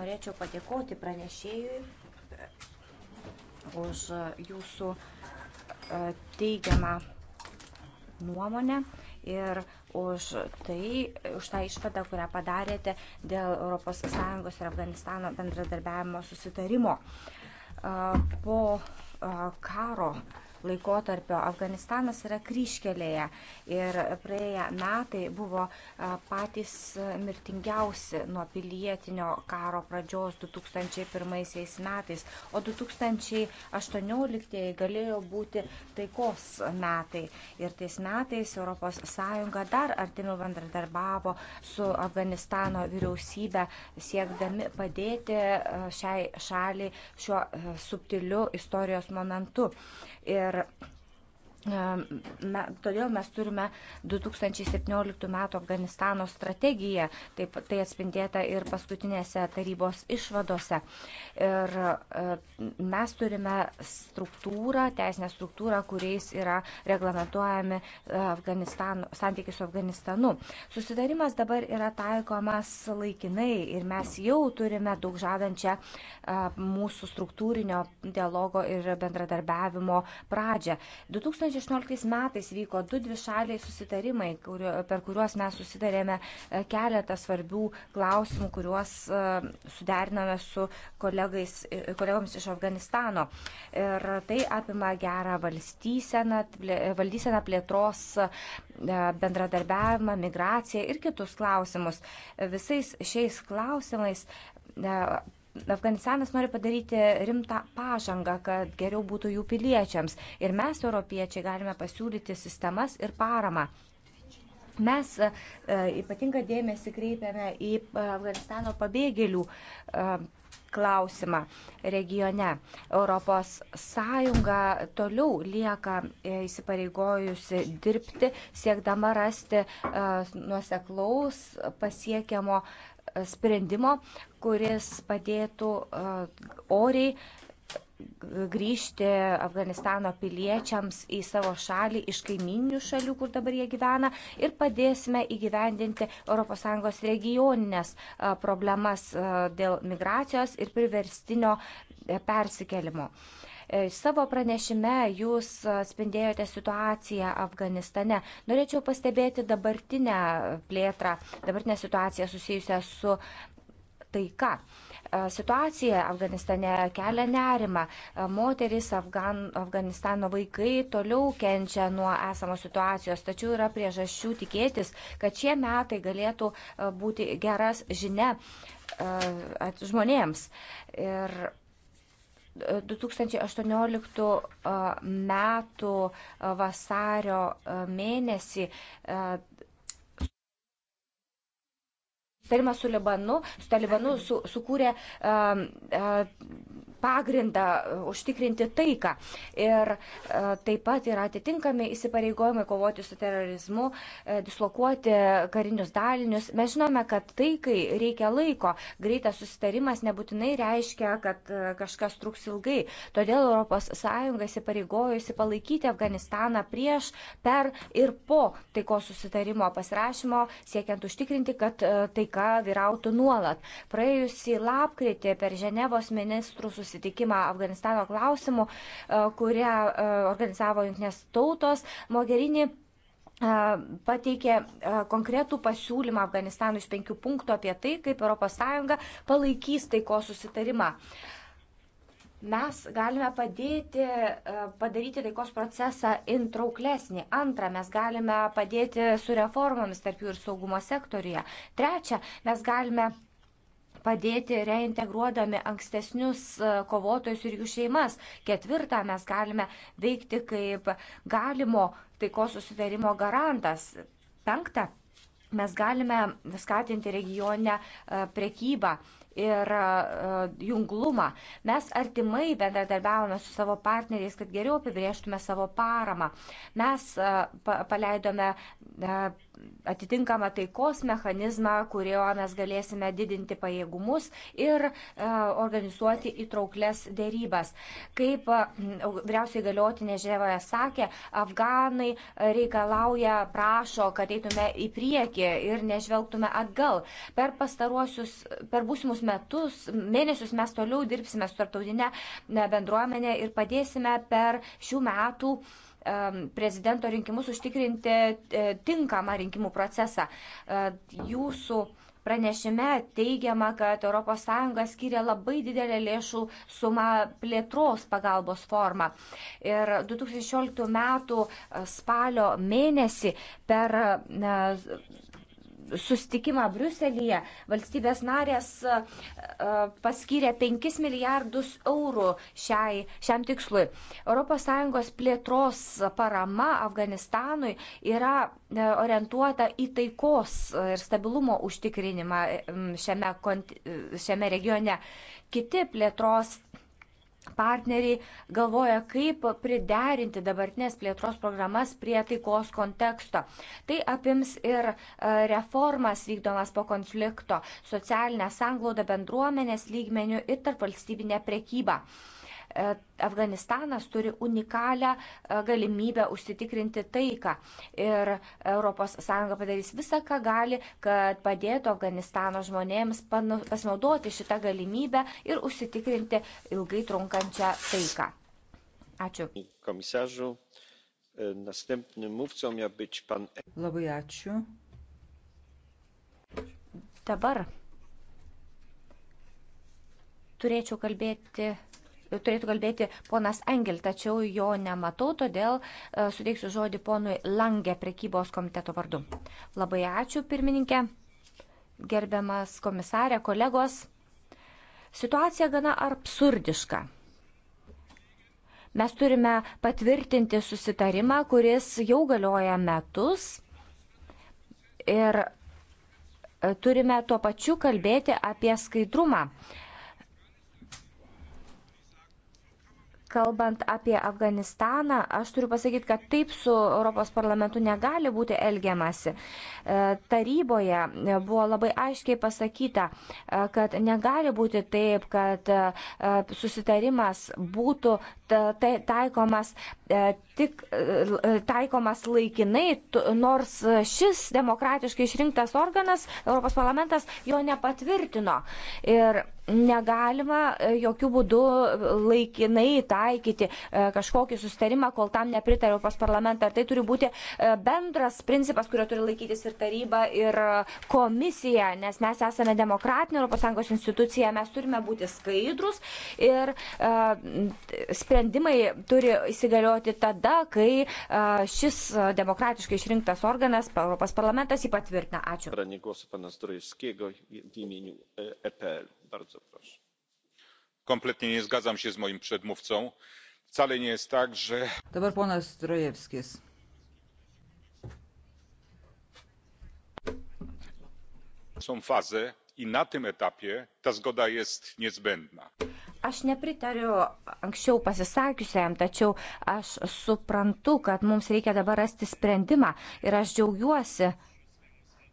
norėčiau padėkoti pranešėjui už jūsų e, teigiamą nuomonę ir už tai, už tą išvadą, kurią padarėte dėl ES ir Afganistano bendradarbiavimo susitarimo. E, po e, karo laikotarpio Afganistanas yra kryškelėje ir praėję metai buvo patys mirtingiausi nuo pilietinio karo pradžios 2001 metais, o 2018 galėjo būti taikos metai. Ir tais metais ES dar artimiau bendradarbiavo su Afganistano vyriausybė siekdami padėti šiai šaliai šiuo subtiliu istorijos momentu. Ir ir Me, todėl mes turime 2017 m. Afganistano strategiją, taip tai atspindėta ir paskutinėse tarybos išvadose. Ir mes turime struktūrą, teisinę struktūrą, kuriais yra reglamentuojami e, santykiai su Afganistanu. Susidarimas dabar yra taikomas laikinai ir mes jau turime daug žadančią e, mūsų struktūrinio dialogo ir bendradarbiavimo pradžią. 2000 2016 metais vyko du dvišaliai susitarimai, kurio, per kuriuos mes susidarėme e, keletą svarbių klausimų, kuriuos e, suderiname su e, kolegomis iš Afganistano. Ir tai apima gerą valdyseną, valdyseną plėtros bendradarbiavimą, migraciją ir kitus klausimus. Visais šiais klausimais Afganistanas nori padaryti rimtą pažangą, kad geriau būtų jų piliečiams. Ir mes, europiečiai, galime pasiūlyti sistemas ir paramą. Mes e, e ypatingą dėmesį kreipiame į e, Afganistano pabėgėlių e, klausimą regione. Europos Sąjunga toliau lieka e, įsipareigojusi dirbti, siekdama rasti nuoseklaus pasiekiamo sprendimo, kuris padėtų e, oriai e, grįžti Afganistano piliečiams į savo šalį iš kaiminių šalių, kur dabar jie gyvena, ir padėsime įgyvendinti ES regioninės e, problemas dėl migracijos ir priverstinio persikelimo. E, savo pranešime jūs spindėjote situaciją Afganistane. Norėčiau pastebėti dabartinę plėtrą, dabartinę situaciją susijusią su taika. E, situacija Afganistane kelia nerima. E, moteris, Afgan, Afganistano vaikai toliau kenčia nuo esamos situacijos, tačiau yra priežasčių tikėtis, kad šie metai galėtų būti geras žinia žmonėms. Ir 2018 metų vasario mėnesį sutarimas su Libanu, su Talibanu su, sukūrė a, a, pagrindą e, užtikrinti taiką. Ir e, taip pat yra atitinkami įsipareigojimai kovoti su terorizmu, e, dislokuoti karinius dalinius. Mes žinome, kad taikai reikia laiko. Greitas susitarimas nebūtinai reiškia, kad kažkas truks ilgai. Todėl ES įsipareigojusi palaikyti Afganistaną prieš, per ir po taikos susitarimo pasirašymo, siekiant užtikrinti, kad taika vyrautų nuolat. Praėjusį lapkritį per Ženevos ministrų susitikimą susitikimą Afganistano klausimų, e, kurią e, organizavo Junktinės tautos. Mogherini e, pateikė konkretų pasiūlymą Afganistanui iš penkių punktų apie tai, kaip ES palaikys taiko susitarimą. Mes galime padėti padaryti taikos procesą intrauklesnį. Antra, mes galime padėti su reformomis tarp jų ir saugumo sektoriuje. Trečia, mes galime padėti reintegruodami ankstesnius e, kovotojus ir jų šeimas. Ketvirta, mes galime veikti kaip galimo taikos susitarimo garantas. Penkta, mes galime skatinti regionę e, prekybą ir e, junglumą. Mes artimai bendradarbiavome su savo partneriais, kad geriau apibrieštume savo paramą. Mes paleidome atitinkamą taikos mechanizmą, kurio mes galėsime didinti pajėgumus ir e, organizuoti įtrauklės dėrybas. Kaip e, vyriausiai galiotinė Ževoje sakė, afganai reikalauja, prašo, kad eitume į priekį ir nežvelgtume atgal. Per pastaruosius, per būsimus metus, mėnesius mes toliau dirbsime su tarptautinė e, bendruomenė ir padėsime per šių metų uh, prezidento rinkimus užtikrinti e, tinkamą rinkimų procesą. E, jūsų pranešime teigiama, kad ES skiria labai didelę lėšų sumą plėtros pagalbos formą. Ir 2016 m. E, spalio mėnesį per sustikimą Briuselyje valstybės narės paskyrė 5 milijardus eurų šiai, šiam tikslui. ES plėtros parama Afganistanui yra e, orientuota į taikos ir stabilumo užtikrinimą šiame, e, šiame regione. Kiti plėtros partneriai galvoja, kaip priderinti dabartinės plėtros programas prie taikos konteksto. Tai apims ir e, reformas vykdomas po konflikto, socialinę sanglaudą bendruomenės lygmenių ir tarp valstybinę prekybą. E, Afganistanas turi unikalią e, galimybę užsitikrinti taiką. Ir ES padarys visą, ką gali, kad padėtų Afganistano žmonėms pasinaudoti šitą galimybę ir užsitikrinti ilgai trunkančią taiką. Ačiū. Komisaržu, e, następnym mówcą miał być pan. Labai ačiū. Dabar turėčiau kalbėti turėtų kalbėti ponas Engel, tačiau jo nematau, todėl e, suteiksiu žodį ponui Langė prekybos komiteto vardu. Labai ačiū, pirmininkė, gerbiamas komisarė, kolegos. Situacija gana absurdiška mes turime patvirtinti susitarimą, kuris jau galioja metus ir e, turime tuo pačiu kalbėti apie skaidrumą. Kalbant apie Afganistaną, aš turiu pasakyti, kad taip su Europos parlamentu negali būti elgiamasi. E, taryboje buvo labai aiškiai pasakyta, e, kad negali būti taip, kad e, susitarimas būtų tai taikomas e, tik e, taikomas laikinai, nors šis demokratiškai išrinktas organas, Europos parlamentas, jo nepatvirtino. Ir negalima e, jokių būdų laikinai taikyti kažkokį sustarimą, kol tam nepritarė Europos parlamentą. Ir tai turi būti bendras principas, kurio turi laikytis ir taryba, ir komisija, nes mes esame demokratinė ES institucija, mes turime būti skaidrus ir uh, sprendžiami sprendimai turi įsigalioti tada, kai šis demokratiškai išrinktas organas, Europos parlamentas, jį patvirtina. Ačiū. E, e Kompletnie nie zgadzam się z moim przedmówcą. Wcale nie jest tak, że. Dabar ponas Strojewskis. Są fazy, i na tym etapie ta zgoda jest niezbędna. Aš nepritariu anksčiau pasisakiusiam, tačiau aš suprantu, kad mums reikia dabar rasti sprendimą ir aš džiaugiuosi,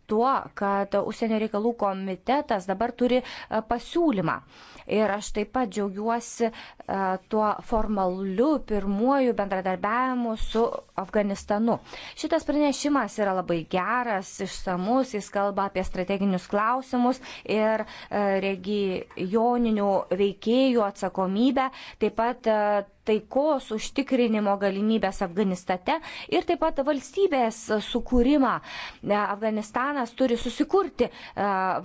tuo, kad užsienio reikalų komitetas dabar turi e, pasiūlymą. Ir aš taip pat džiaugiuosi e, tuo formaliu pirmuoju bendradarbiavimu su Afganistanu. Šitas pranešimas yra labai geras, išsamus, jis kalba apie strateginius klausimus ir e, regioninių veikėjų atsakomybę. Taip pat taikos užtikrinimo galimybės Afganistate ir taip pat valstybės sukūrimą. E, Afganistanas turi susikurti e,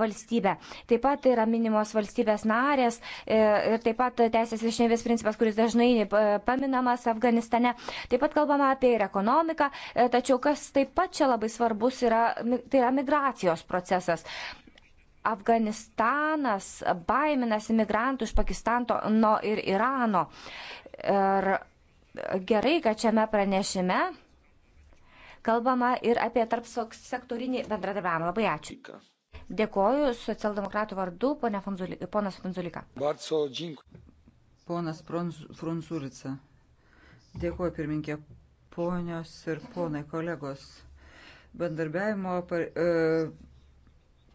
valstybę. Taip pat yra minimos valstybės narės e, ir taip pat teisės viršinėvės principas, kuris dažnai paminamas Afganistane. Taip pat kalbama apie ir ekonomiką, tačiau kas taip pat čia labai svarbus yra, tai yra migracijos procesas. Afganistanas baiminasi migrantų iš Pakistano no ir Irano. Ir gerai, kad šiame pranešime kalbama ir apie tarp sektorinį bendradarbiavimą. Labai ačiū. Dėkoju socialdemokratų vardu, Fonzulika, ponas Frunzulika. Ponas Frunzulica. Dėkoju pirminkė, ponios ir ponai kolegos. Bendarbiavimo. Par, e,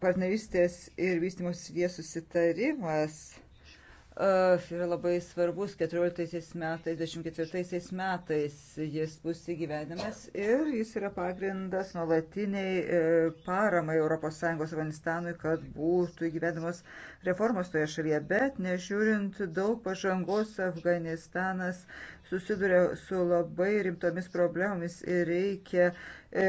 partnerystės ir vystimos srities susitarimas e, yra labai svarbus 14 metais, 24 metais jis bus įgyvenimas ir jis yra pagrindas nuolatiniai e, paramai ES Afganistanui, kad būtų įgyvenimos reformos toje šalyje. Bet nežiūrint daug pažangos, Afganistanas susiduria su labai rimtomis problemomis ir reikia e,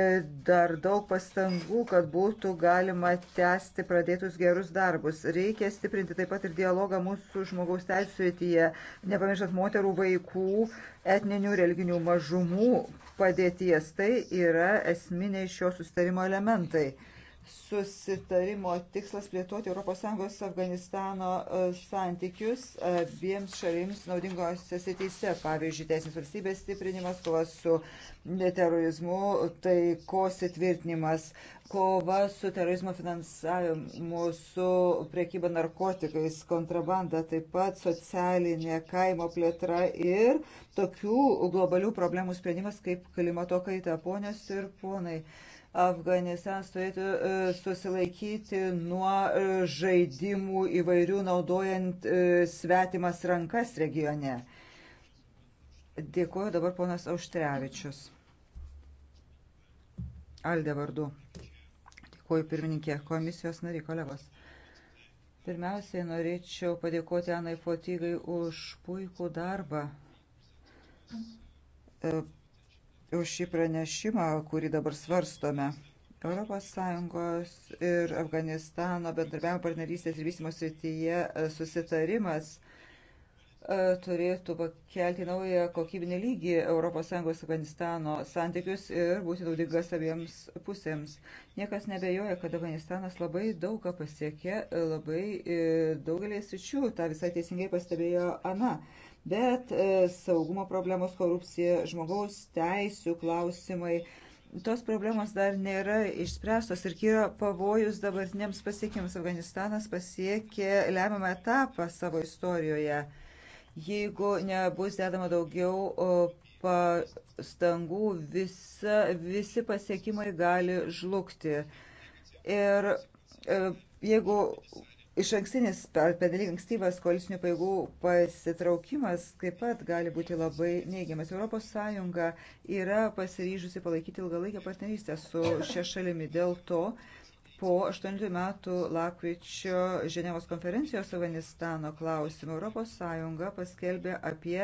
dar daug pastangų, kad būtų galima tęsti pradėtus gerus darbus. Reikia stiprinti taip pat ir dialogą mūsų žmogaus teisų srityje, nepamirštant moterų, vaikų, etninių, religinių mažumų padėties. Tai yra esminiai šio sustarimo elementai susitarimo tikslas plėtoti ES Afganistano e, santykius abiems šalims naudingose srityse, pavyzdžiui, teisinės valstybės stiprinimas, kova su terorizmu, taikos įtvirtinimas, kova su terorizmo finansavimu, su priekyba narkotikais, kontrabanda, taip pat socialinė kaimo plėtra ir tokių globalių problemų sprendimas kaip klimato kaita. Ponios ir ponai. Afganistanas turėtų e, susilaikyti nuo e, žaidimų įvairių naudojant e, svetimas rankas regione. Dėkuoju dabar ponas Auštrevičius. Aldė vardu. Dėkuoju pirmininkė, komisijos nariai, kolegos. Pirmiausiai norėčiau padėkoti Anai Fotygai už puikų darbą už šį pranešimą, kurį dabar svarstome. ES ir Afganistano bendarbiavimo partnerystės ir vystimo srityje e, susitarimas e, turėtų pakelti naują kokybinį lygį ES Afganistano santykius ir būti naudingas abiems pusėms. Niekas nebejoja, kad Afganistanas labai daug ką pasiekė, e, labai daugelį sričių, tą visai teisingai pastebėjo Ana bet e, saugumo problemos, korupcija, žmogaus teisų klausimai, tos problemos dar nėra išspręstos ir kyra pavojus dabartiniams pasiekimams. Afganistanas pasiekė lemiamą etapą savo istorijoje. Jeigu nebus dedama daugiau pastangų, visa, visi pasiekimai gali žlugti. Ir e, jeigu Iš ankstinis, pernelyg ankstyvas koalicinių paėgų pasitraukimas taip pat gali būti labai neigiamas. ES yra pasiryžusi palaikyti ilgalaikę partnerystę su šia šalimi. Dėl to po 8 metų lakvičio Ženevos konferencijos Afganistano klausimų ES paskelbė apie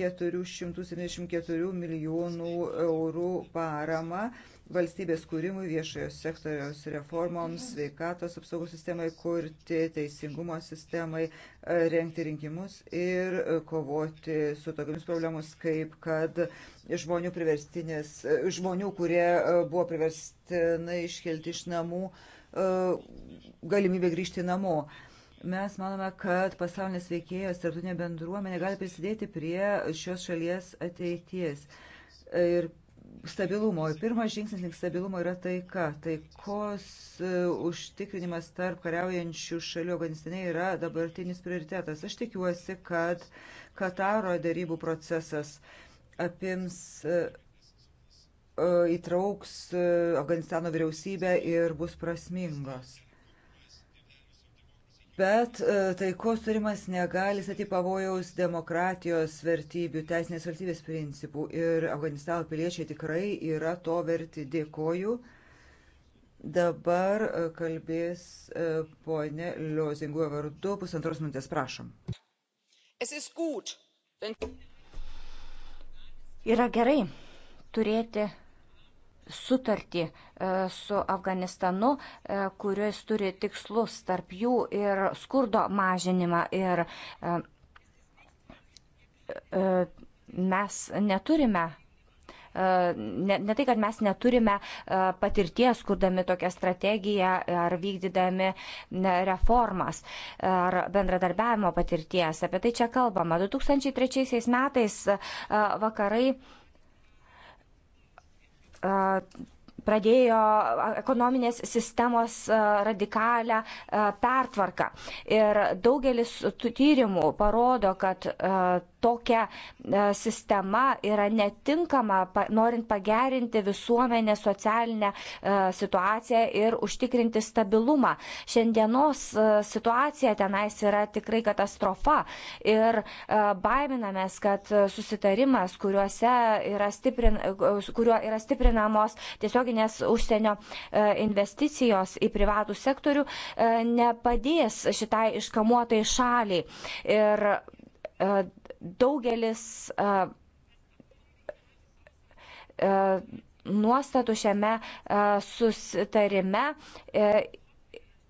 474 milijonų eurų paramą valstybės kūrimui, viešojo sektoriaus reformoms, sveikatos apsaugos sistemai kurti, teisingumo sistemai, renkti rinkimus ir kovoti su tokiamis problemus, kaip kad žmonių, žmonių kurie e, buvo priverstinai iškelti iš namų, e, galimybė grįžti namo. Mes manome, kad pasaulinės veikėjos tarptautinė bendruomenė gali prisidėti prie šios šalies ateities. Ir stabilumo. Pirmas žingsnis link stabilumo yra taika. Taikos e, užtikrinimas tarp kariaujančių šalių Afganistane yra dabartinis prioritetas. Aš tikiuosi, kad Kataro darybų procesas apims e, e, įtrauks Afganistano vyriausybę ir bus prasmingos. Bet e, taikos turimas negali statyti pavojaus demokratijos vertybių, teisinės valstybės principų ir Afganistano piliečiai tikrai yra to verti. Dėkoju. Dabar e, kalbės e, ponė Liozinguoja vardu pusantros minutės, prašom. Yra gerai turėti sutartį e, su Afganistanu, e, kuris turi tikslus tarp jų ir skurdo mažinimą. Ir e, mes neturime ne, ne tai, kad mes neturime patirties, kurdami tokią strategiją ar vykdydami reformas ar bendradarbiavimo patirties. Apie tai čia kalbama. 2003 metais vakarai pradėjo ekonominės sistemos radikalią pertvarką. Ir daugelis tų tyrimų parodo, kad tokia e, sistema yra netinkama, norint pagerinti visuomenę socialinę e, situaciją ir užtikrinti stabilumą. Šiandienos e, situacija tenais yra tikrai katastrofa ir baiminamės, kad susitarimas, yra stiprin, kuriuo yra stiprinamos tiesioginės užsienio investicijos į privatų sektorių, nepadės šitai iškamuotai šaliai. Ir daugelis nuostatų šiame susitarime e,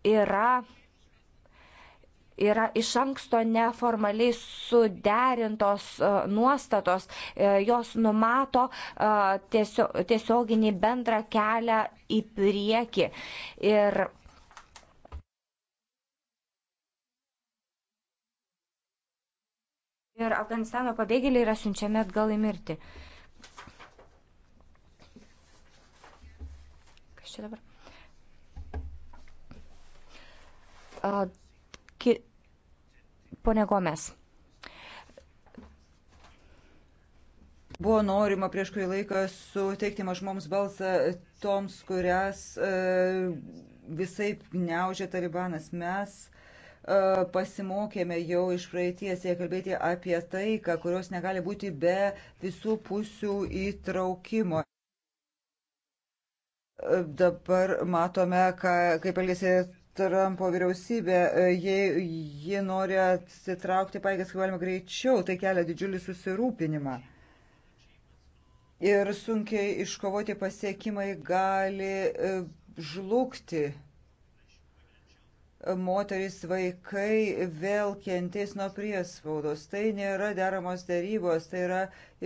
yra yra iš anksto neformaliai suderintos nuostatos, e, jos numato tiesioginį bendrą kelią į priekį. Ir ir Afganistano pabėgėliai yra siunčiami atgal į mirtį. Kas čia dabar? A, ki, pone Gomes. Buvo norima prieš kurį laiką suteikti mažmoms balsą toms, kurias e, visai gniaužia talibanas. Mes e, pasimokėme jau iš praeities, jei kalbėti apie taiką, kurios negali būti be visų pusių įtraukimo. Dabar matome, ką, kaip elgėsi Trumpo vyriausybė, jei ji nori atsitraukti paėgas, kaip galima greičiau, tai kelia didžiulį susirūpinimą. Ir sunkiai iškovoti pasiekimai gali e, žlugti moteris, vaikai vėl kentės nuo priespaudos. Tai nėra deramos dėrybos, tai yra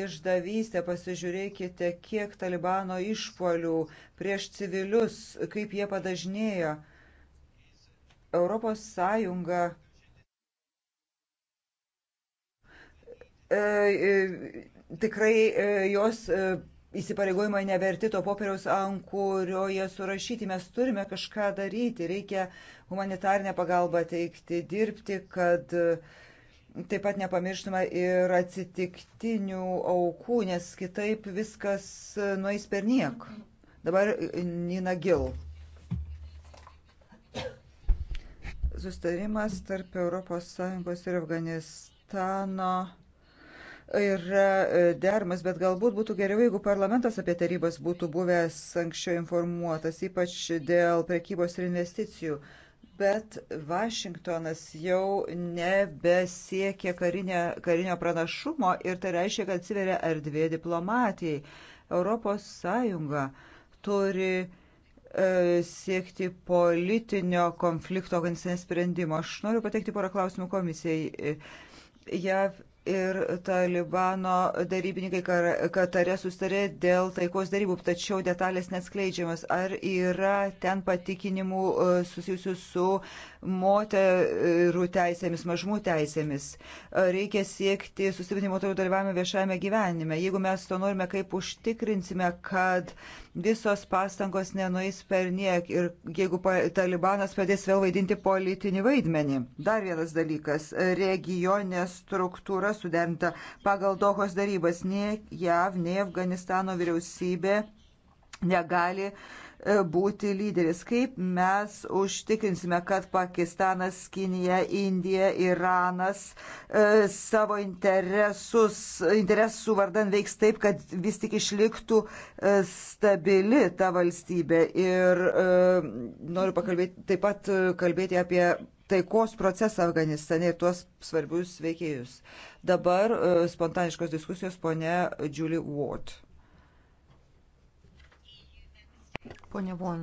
išdavystė. Pasižiūrėkite, kiek talibano išpolių prieš civilius, kaip jie padažnėjo. Europos Sąjunga e, e, tikrai e, jos. E, įsipareigojimai neverti to popieriaus, ant kurio jie surašyti. Mes turime kažką daryti, reikia humanitarnę pagalbą teikti, dirbti, kad e, taip pat nepamirštume ir atsitiktinių aukų, nes kitaip viskas e, nueis per niek. Dabar e, Nina Gil. Sustarimas tarp ES ir Afganistano yra e, dermas, bet galbūt būtų geriau, jeigu parlamentas apie tarybas būtų buvęs anksčiau informuotas, ypač dėl prekybos ir investicijų. Bet Vašingtonas jau nebesiekia karinė, karinio pranašumo ir tai reiškia, kad atsiveria erdvė diplomatijai. Europos Sąjunga turi e, siekti politinio konflikto organizacinės sprendimo. Aš noriu pateikti porą klausimų komisijai. E, JAV ir Talibano darybininkai Katare sustarė dėl taikos darybų, tačiau detalės neatskleidžiamas. Ar yra ten patikinimų e, susijusių su moterų teisėmis, mažmų teisėmis. Reikia siekti sustiprinti moterų dalyvavimą viešajame gyvenime. Jeigu mes to norime, kaip užtikrinsime, kad visos pastangos nenueis per niek ir jeigu talibanas pradės vėl vaidinti politinį vaidmenį. Dar vienas dalykas - regionė struktūra suderinta pagal Dohos darybas. Nei JAV, nei Afganistano vyriausybė negali uh, būti lyderis. Kaip mes užtikrinsime, kad Pakistanas, Kinija, Indija, Iranas e, savo interesus, interesų vardan veiks taip, kad vis tik išliktų e, stabili ta valstybė. Ir e, noriu pakalbėti, taip pat e, kalbėti apie taikos procesą Afganistane ir tuos svarbius veikėjus. Dabar e, spontaniškos diskusijos ponia Julie Watt. Pone Von,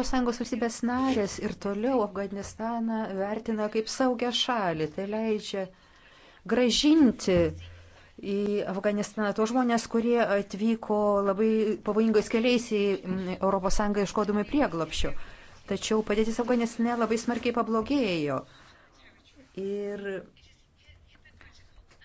ES valstybės narės ir toliau Afganistaną vertina kaip saugią šalį. Tai leidžia gražinti į Afganistaną tos žmonės, kurie atvyko labai pavojingais keliais į ES iškodami prieglapščio. Tačiau padėtis Afganistane labai smarkiai pablogėjo. Ir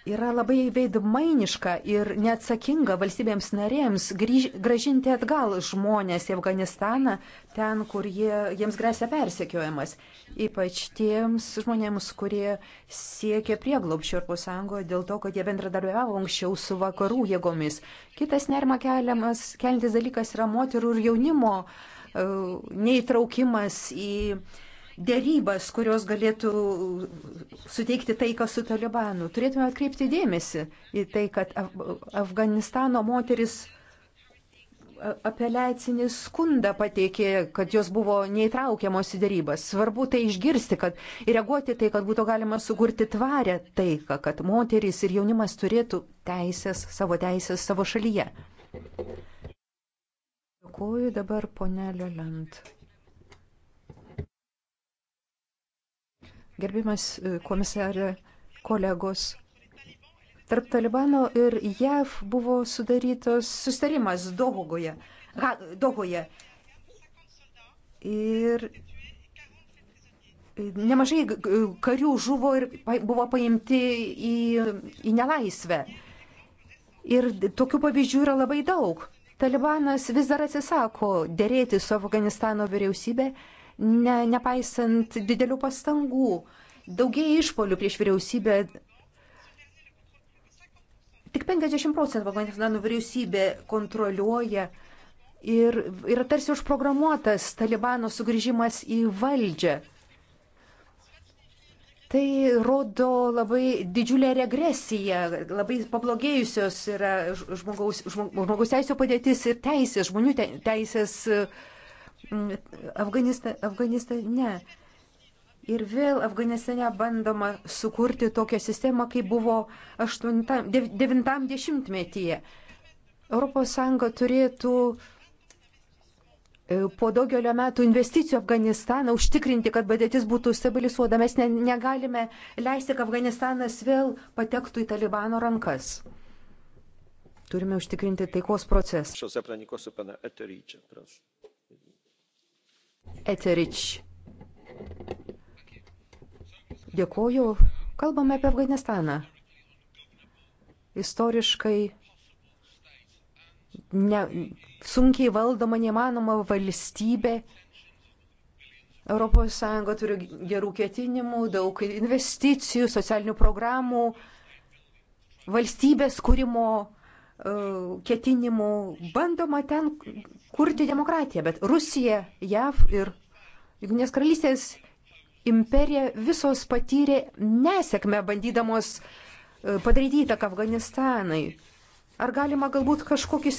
yra labai veidmainiška ir neatsakinga valstybėms narėms grįž, gražinti atgal žmonės į Afganistaną, ten, kur jie, jiems grėsia persekiojimas. Ypač tiems žmonėms, kurie siekia prieglobščio Europos Sąjungoje dėl to, kad jie bendradarbiavo anksčiau su vakarų jėgomis. Kitas nerima keliamas, kelintis dalykas yra moterų ir jaunimo e, neįtraukimas į uh, dėrybas, kurios galėtų suteikti taiką su talibanu. Turėtume atkreipti dėmesį į tai, kad Afganistano moteris apeliacinį skundą pateikė, kad jos buvo neįtraukiamos į dėrybas. Svarbu tai išgirsti, kad reaguoti tai, kad būtų galima sukurti tvarę taiką, kad moterys ir jaunimas turėtų teisės, savo teisės savo šalyje. Dėkuoju dabar ponelio Lent. Gerbimas e, komisarė, kolegos, tarp Talibano ir JAV buvo sudarytos sustarimas Dohogoje. Ha, Dohoje. Ir nemažai karių žuvo ir buvo paimti į, į nelaisvę. Ir tokių pavyzdžių yra labai daug. Talibanas vis dar atsisako dėrėti su Afganistano vyriausybė ne, nepaisant didelių pastangų. Daugiai išpolių prieš vyriausybę. Tik 50 procentų Afganistano vyriausybė kontroliuoja ir yra tarsi užprogramuotas Talibano sugrįžimas į valdžią. Tai rodo labai didžiulę regresiją, labai pablogėjusios yra žmogaus, žmogaus teisų padėtis ir teisės, žmonių teisės Mm, Afganistane. Afganista, Ir vėl Afganistane bandoma sukurti tokią sistemą, kaip buvo 90-metyje. ES turėtų e, po daugelio metų investicijų Afganistaną užtikrinti, kad padėtis būtų stabilizuota. Mes ne, negalime leisti, kad Afganistanas vėl patektų į Talibano rankas. Turime užtikrinti taikos procesą. Eterič. Dėkoju. Kalbame apie Afganistaną. Istoriškai ne, sunkiai valdoma, neįmanoma valstybė. ES turi gerų ketinimų, daug investicijų, socialinių programų, valstybės kūrimo E, ketinimų, bandoma ten kurti demokratiją, bet Rusija, JAV ir Junktinės karalystės imperija visos patyrė nesėkmę bandydamos e, padaryti įtaką Afganistanai. Ar galima galbūt kažkokį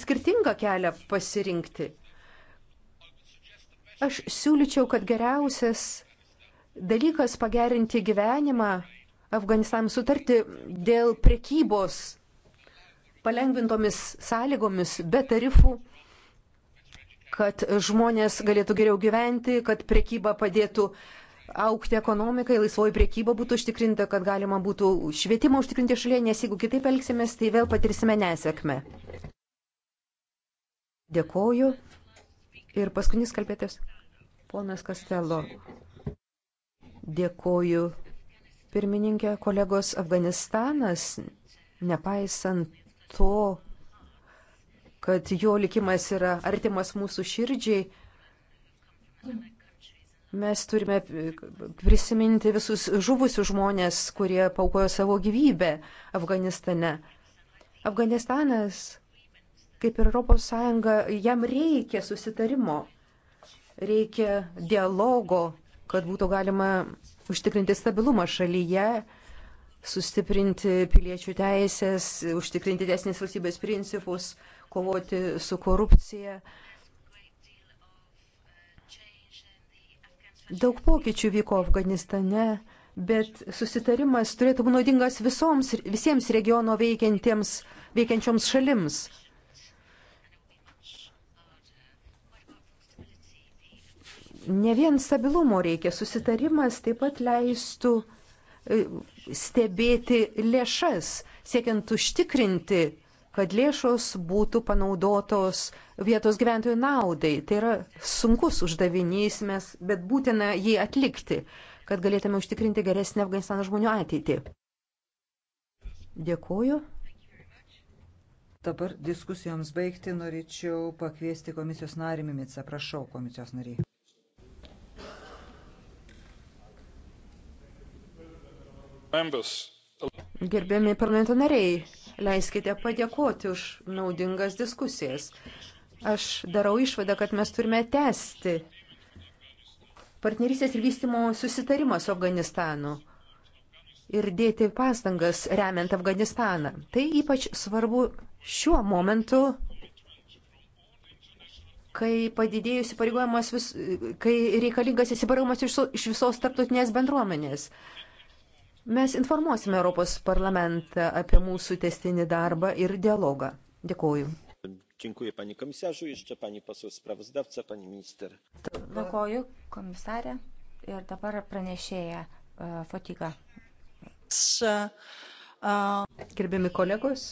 skirtingą kelią pasirinkti? Aš siūlyčiau, kad geriausias dalykas pagerinti gyvenimą Afganistanui sutarti dėl prekybos palengvintomis sąlygomis, be tarifų, kad žmonės galėtų geriau gyventi, kad prekyba padėtų aukti ekonomikai, laisvoji priekyba būtų užtikrinta, kad galima būtų švietimą užtikrinti šalyje, nes jeigu kitaip elgsimės, tai vėl patirsime nesėkmę. Dėkoju. Ir paskutinis kalbėtės, ponas Kastelo. Dėkoju. Pirmininkė, kolegos Afganistanas, nepaisant to, kad jo likimas yra artimas mūsų širdžiai, mes turime prisiminti visus žuvusius žmonės, kurie paukojo savo gyvybę Afganistane. Afganistanas, kaip ir ES, jam reikia susitarimo, reikia dialogo, kad būtų galima užtikrinti stabilumą šalyje sustiprinti piliečių teisės, užtikrinti tesnės valstybės principus, kovoti su korupcija. Daug pokyčių vyko Afganistane, bet susitarimas turėtų būti naudingas visoms, visiems regiono veikiančioms šalims. Ne vien stabilumo reikia, susitarimas taip pat leistų e, stebėti lėšas, siekiant užtikrinti, kad lėšos būtų panaudotos vietos gyventojų naudai. Tai yra sunkus uždavinys, mes, bet būtina jį atlikti, kad galėtume užtikrinti geresnį Afganistano žmonių ateitį. Dėkuoju. Dabar diskusijoms baigti norėčiau pakviesti komisijos narį Mimicą. Prašau, komisijos nariai. Gerbiami parlamento nariai, leiskite padėkoti už naudingas diskusijas. Aš darau išvadą, kad mes turime tęsti partnerystės ir vystimo susitarimą su Afganistanu ir dėti pastangas remiant Afganistaną. Tai ypač svarbu šiuo momentu, kai padidėjus įpareigojimas, kai reikalingas įsipareigojimas iš, iš visos tarptautinės bendruomenės. Mes informuosime Europos parlamentą apie mūsų testinį darbą ir dialogą. Dėkuoju. Dziękuję panie komisarzu, jeszcze pani poseł sprawozdawca, pani minister. Dėkuoju komisarė ir dabar pranešėja uh, Fotiga. Gerbiami kolegos,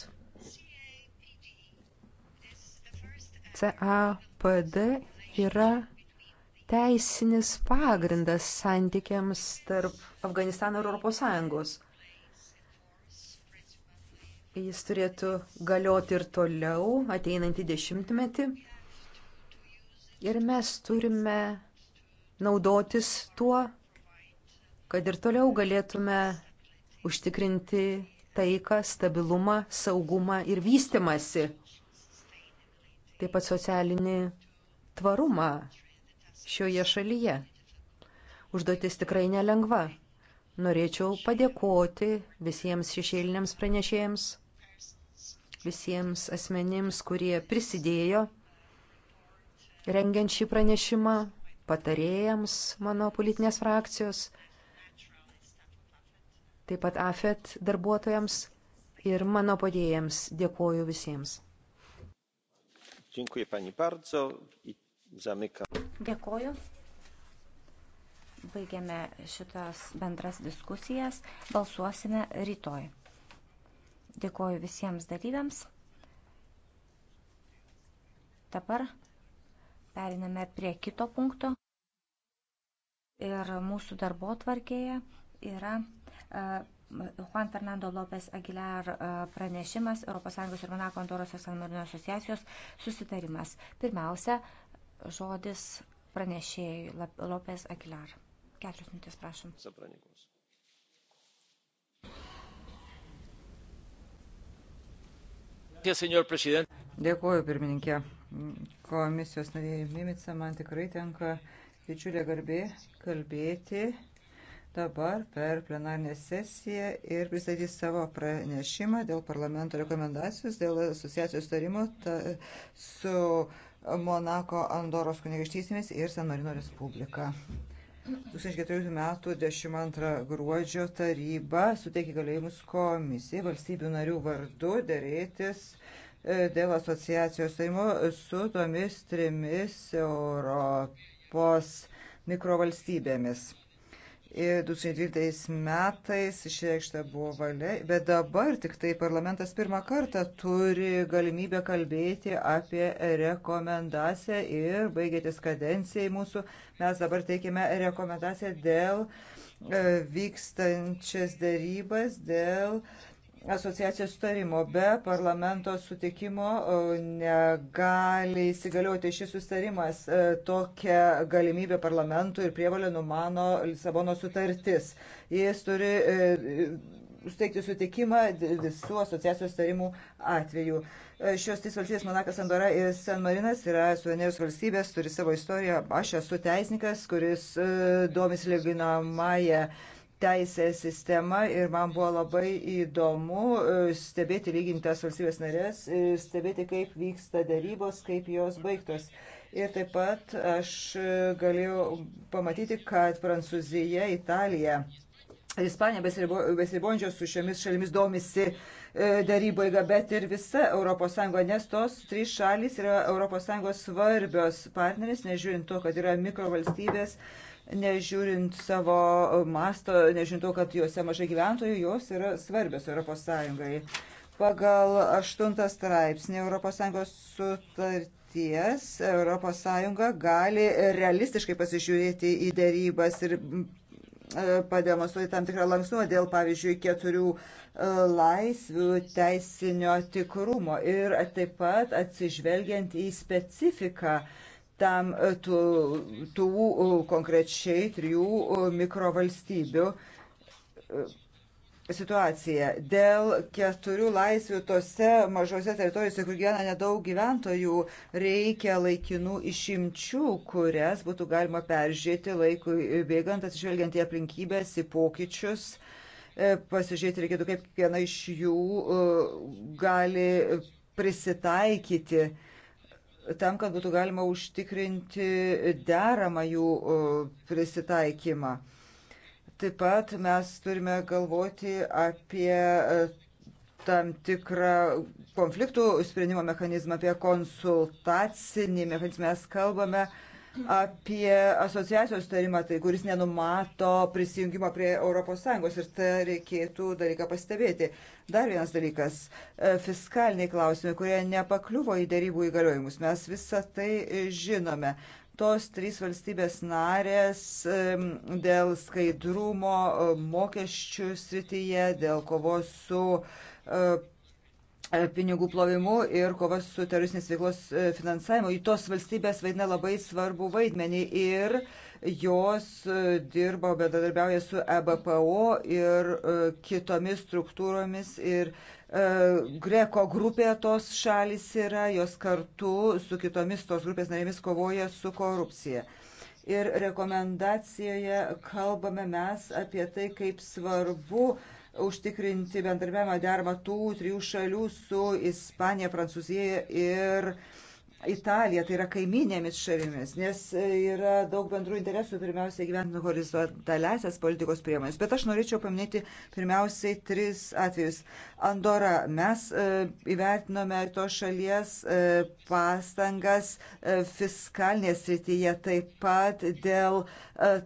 CAPD yra teisinis pagrindas santykiams tarp Afganistano ir Europos Sąjungos. Jis turėtų galioti ir toliau, ateinantį dešimtmetį. Ir mes turime naudotis tuo, kad ir toliau galėtume užtikrinti taiką, stabilumą, saugumą ir vystimasi. Taip pat socialinį tvarumą šioje šalyje. Užduotis tikrai nelengva. Norėčiau padėkoti visiems šešėliniams pranešėjams, visiems asmenims, kurie prisidėjo rengiant šį pranešimą, patarėjams mano politinės frakcijos, taip pat AFET darbuotojams ir mano padėjams. Dėkoju visiems. Dziękuję pani bardzo i zamykam. Dėkoju. Baigiame šitas bendras diskusijas. Balsuosime rytoj. Dėkoju visiems dalyviams. Dabar periname prie kito punkto. Ir mūsų darbo tvarkėje yra e, Juan Fernando López Aguilar e, pranešimas ES ir Monako Andoros ir San Marino asociacijos susitarimas. Pirmiausia, žodis pranešėjui López Aguilar. Keturios minutės, prašom. Sapranikus. Dėkuoju, pirmininkė. Komisijos narėjai Mimica, man tikrai tenka didžiulė garbė kalbėti dabar per plenarnę sesiją ir pristatys savo pranešimą dėl parlamento rekomendacijos dėl asociacijos tarimo ta, su Monako Andoros kunigaštysėmis ir San Marino Respublika. 2014 m. 12 gruodžio taryba suteikė galėjimus komisijai valstybių narių vardu dėrėtis e, dėl asociacijos taimo su tomis trimis Europos mikrovalstybėmis. 2012 e, metais išreikšta buvo valia, bet dabar tik tai parlamentas pirmą kartą turi galimybę kalbėti apie rekomendaciją ir baigėtis kadencijai mūsų. Mes dabar teikime rekomendaciją dėl e, vykstančias dėrybas, dėl uh, asociacijos sutarimo. Be parlamento sutikimo negali įsigalioti šis sutarimas. E, Tokią galimybę parlamentų ir prievalę numano Lisabono sutartis. Jis turi e, suteikti sutikimą visų asociacijos tarimų atveju. E, šios trys valstybės, Monakas, Andora ir San Marinas, yra suverenijos valstybės, turi savo istoriją. Aš esu teisininkas, kuris domis lyginamąją. Uh, teisės sistemą ir man buvo labai įdomu e, stebėti lygintas valstybės narės, e, stebėti, kaip vyksta darybos, kaip jos baigtos. Ir taip pat aš e, galėjau pamatyti, kad Prancūzija, Italija ir Ispanija besiribončios su šiomis šalimis domisi darybo įga, bet ir visa ES, nes tos trys šalis yra ES svarbios partneris, nežiūrint to, kad yra mikrovalstybės. valstybės nežiūrint savo masto, nežiūrint to, kad juose mažai gyventojų, jos yra svarbios Europos Sąjungai. Pagal 8 straipsnį Europos Sąjungos sutarties Europos Sąjunga gali realistiškai pasižiūrėti į dėrybas ir e, pademonstruoti tam tikrą lankstumą dėl, pavyzdžiui, keturių e, laisvių teisinio tikrumo ir taip pat atsižvelgiant į specifiką uh, tam e, tų, tų e, konkrečiai trijų e, mikrovalstybių situacija. Dėl keturių laisvių tose mažose teritorijose, kur gyvena nedaug gyventojų, reikia laikinų išimčių, kurias būtų galima peržiūrėti laikui bėgant, atsižvelgiant į aplinkybės, į pokyčius. Pasižiūrėti reikėtų, kaip viena iš jų gali prisitaikyti uh, tam, kad būtų galima užtikrinti deramą jų prisitaikymą. Taip pat mes turime galvoti apie e, tam tikrą konfliktų sprendimo mechanizmą, apie konsultacinį mechanizmą. Mes kalbame uh, apie asociacijos tarimą, tai kuris nenumato prisijungimo prie ES ir tai reikėtų dalyką pastebėti. Dar vienas dalykas e, - fiskaliniai klausimai, kurie nepakliuvo į darybų įgaliojimus. Mes visą tai žinome. Tos trys valstybės narės e, dėl skaidrumo e, mokesčių srityje, dėl kovos su E, pinigų plovimu ir kova su teroristinės veiklos e, finansavimu. Į tos valstybės vaidina labai svarbu vaidmenį ir jos e, dirbo bedarbiauja su EBPO ir kitomis struktūromis ir Greko grupė tos šalis yra, jos kartu su kitomis tos grupės narėmis kovoja su korupcija. Ir rekomendacijoje kalbame mes apie tai, kaip svarbu uh, užtikrinti bendarbiavimą deramą tų trijų šalių su Ispanija, Prancūzija ir Italija, tai yra kaiminėmis šalimis, nes yra daug bendrų interesų, pirmiausia, gyventi horizontaliasias politikos priemonės. Bet aš norėčiau paminėti pirmiausiai tris atvejus. Andora, mes e, įvertinome to šalies e, pastangas e, fiskalinėje srityje, taip pat dėl e,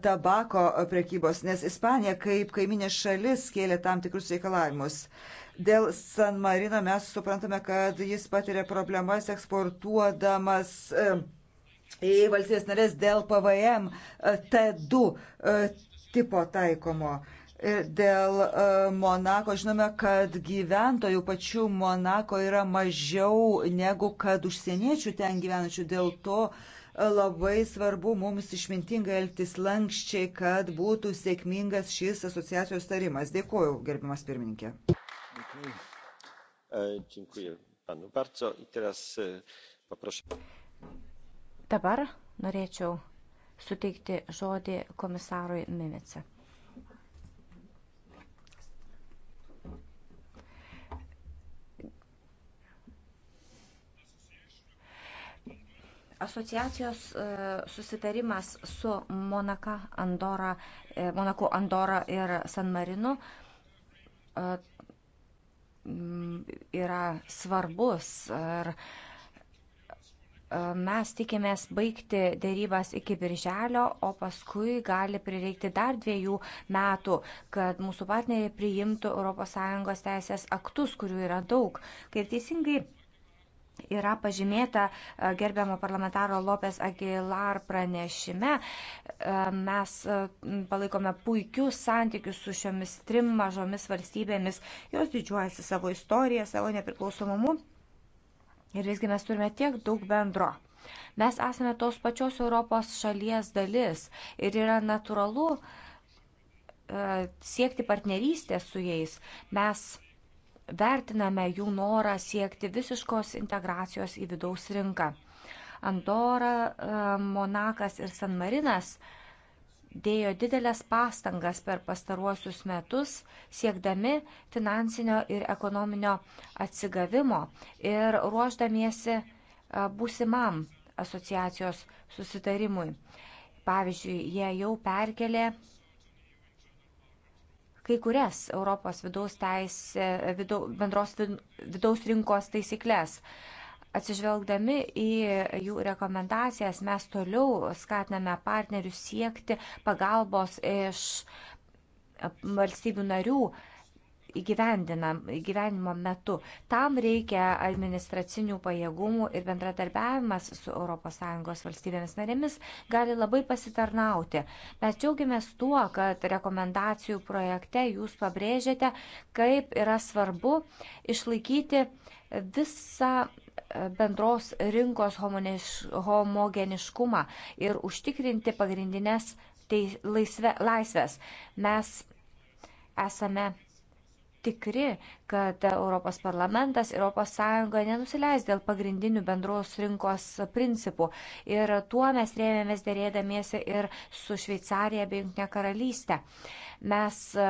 tabako prekybos, nes Ispanija kaip kaiminė šalis kėlė tam tikrus reikalavimus. E, Dėl San Marino mes suprantame, kad jis patiria problemas eksportuodamas e, į valstybės narės dėl PVM e, T2 e, tipo taikomo. Ir dėl Monako žinome, kad gyventojų pačių Monako yra mažiau negu kad užsieniečių ten gyvenančių. Dėl to labai svarbu mums išmintingai elgtis lankščiai, kad būtų sėkmingas šis asociacijos tarimas. Dėkuoju, gerbimas pirmininkė. E, e, Dabar norėčiau suteikti žodį komisarui Mimice. asociacijos e, susitarimas su Monaka, Andora, Monaku, Andora ir San Marinu yra svarbus. Ir e, mes tikimės baigti dėrybas iki birželio, o paskui gali prireikti dar dviejų metų, kad mūsų partneriai priimtų ES teisės aktus, kurių yra daug. Kaip teisingai yra pažymėta e, gerbiamo parlamentaro Lopės Aguilar pranešime. E, mes e, palaikome puikius santykius su šiomis trim mažomis valstybėmis. Jos didžiuojasi savo istoriją, savo nepriklausomumu. Ir visgi mes turime tiek daug bendro. Mes esame tos pačios Europos šalies dalis ir yra natūralu siekti partnerystės su jais. Mes vertiname jų norą siekti visiškos integracijos į vidaus rinką. Andora, e, Monakas ir San Marinas dėjo didelės pastangas per pastaruosius metus siekdami finansinio ir ekonominio atsigavimo ir ruoždamiesi e, būsimam asociacijos susitarimui. Pavyzdžiui, jie jau perkelė kai kurias Europos vidaus, teisė, vidau, bendros vidaus rinkos taisyklės. Atsižvelgdami į jų rekomendacijas, mes toliau skatiname partnerius siekti pagalbos iš valstybių narių įgyvenimo metu. Tam reikia administracinių pajėgumų ir bendradarbiavimas su ES valstybėmis narėmis gali labai pasitarnauti. Mes džiaugiamės tuo, kad rekomendacijų projekte jūs pabrėžėte, kaip yra svarbu išlaikyti visą bendros rinkos homogeniškumą ir užtikrinti pagrindinės tai laisvė, laisvės. Mes esame tikri, kad Europos parlamentas ir Europos Sąjunga nenusileis dėl pagrindinių bendros rinkos principų. Ir tuo mes rėmėmės dėrėdamiesi ir su Šveicarija bei Junktinė karalystė. Mes e,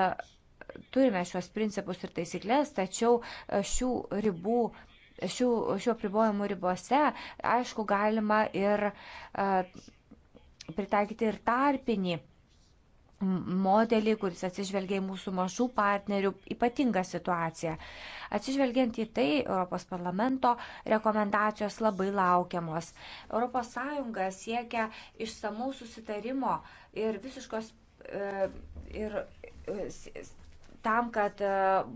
turime šios principus ir taisyklės, tačiau e, šių ribų šių, šių apribojimų ribose, aišku, galima ir a, e, pritaikyti ir tarpinį modelį, kuris atsižvelgia į mūsų mažų partnerių ypatingą situaciją. Atsižvelgiant į tai, Europos parlamento rekomendacijos labai laukiamos. ES siekia išsamų susitarimo ir visiškos e, ir e, tam, kad e,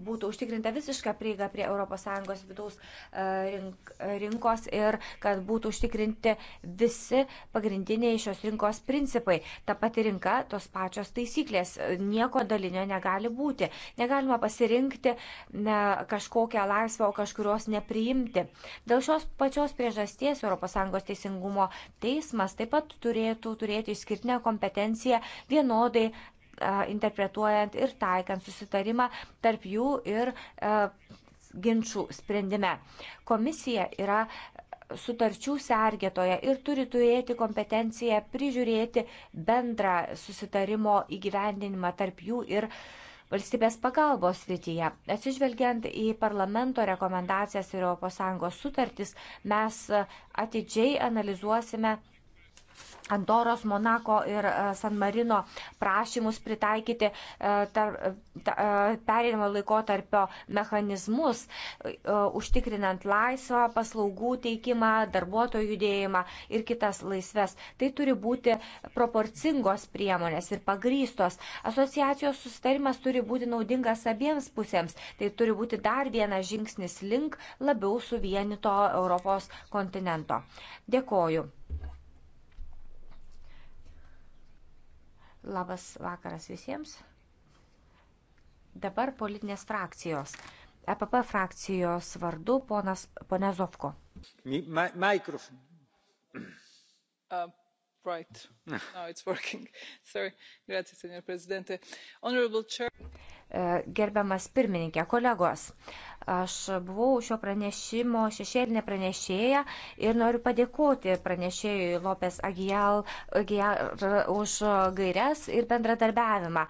būtų užtikrinta visiška prieiga prie ES vidaus e, rink, rinkos ir kad būtų užtikrinti visi pagrindiniai šios rinkos principai. Ta pati rinka, tos pačios taisyklės, e, nieko dalinio negali būti. Negalima pasirinkti ne, kažkokią laisvę, o kažkurios nepriimti. Dėl šios pačios priežasties ES teisingumo teismas taip pat turėtų turėti išskirtinę kompetenciją vienodai interpretuojant ir taikant susitarimą tarp jų ir ginčių sprendime. Komisija yra sutarčių sergėtoja ir turi turėti kompetenciją prižiūrėti bendrą susitarimo įgyvendinimą tarp jų ir valstybės pagalbos srityje. Atsižvelgiant į parlamento rekomendacijas ir ES sutartis, mes atidžiai analizuosime Andoros, Monako ir e, San Marino prašymus pritaikyti e, tar, ta, e, perėjimo laikotarpio mechanizmus, užtikrinant laisvą paslaugų teikimą, darbuotojų judėjimą ir kitas laisves. Tai turi būti proporcingos priemonės ir pagrystos. Asociacijos sustarimas turi būti naudingas abiems pusėms. Tai turi būti dar vienas žingsnis link labiau suvienito Europos kontinento. Dėkoju. Labas vakaras visiems. Dabar politinės frakcijos. EPP frakcijos vardu ponas Ponezovko. Mikrofon señor presidente e, gerbiamas pirmininke kolegos aš buvau šio pranešimo šešėlinė pranešėja ir noriu padėkoti pranešėjui lopes agial, agial už gairias ir bendradarbiavimą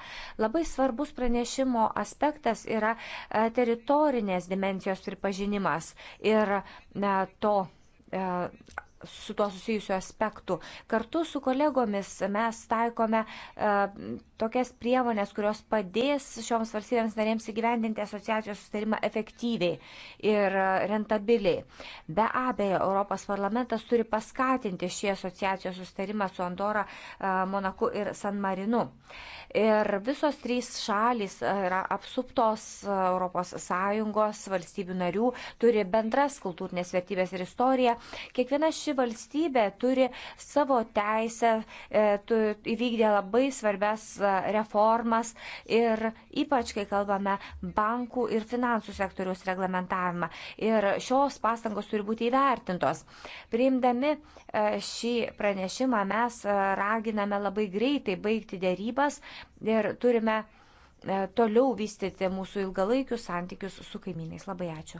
labai svarbus pranešimo aspektas yra e, teritorinės dimensijos pripažinimas ir e, to su tuo susijusių aspektų. Kartu su kolegomis mes taikome e, tokias priemonės, kurios padės šioms valstybėms narėms įgyvendinti asociacijos sustarimą efektyviai ir e, rentabiliai. Be abejo, Europos parlamentas turi paskatinti šį asociacijos sustarimą su Andora, e, Monaku ir San Marinu. Ir visos trys šalys e, yra apsuptos ES valstybių narių, turi bendras kultūrinės vertybės ir istoriją. Kiekviena ši ši valstybė turi savo teisę, e, įvykdė labai svarbias e, reformas ir ypač, kai kalbame bankų ir finansų sektoriaus reglamentavimą. Ir šios pastangos turi būti įvertintos. Priimdami e, šį pranešimą mes raginame labai greitai baigti dėrybas ir turime toliau vystyti mūsų ilgalaikius santykius su kaimynais. Labai ačiū.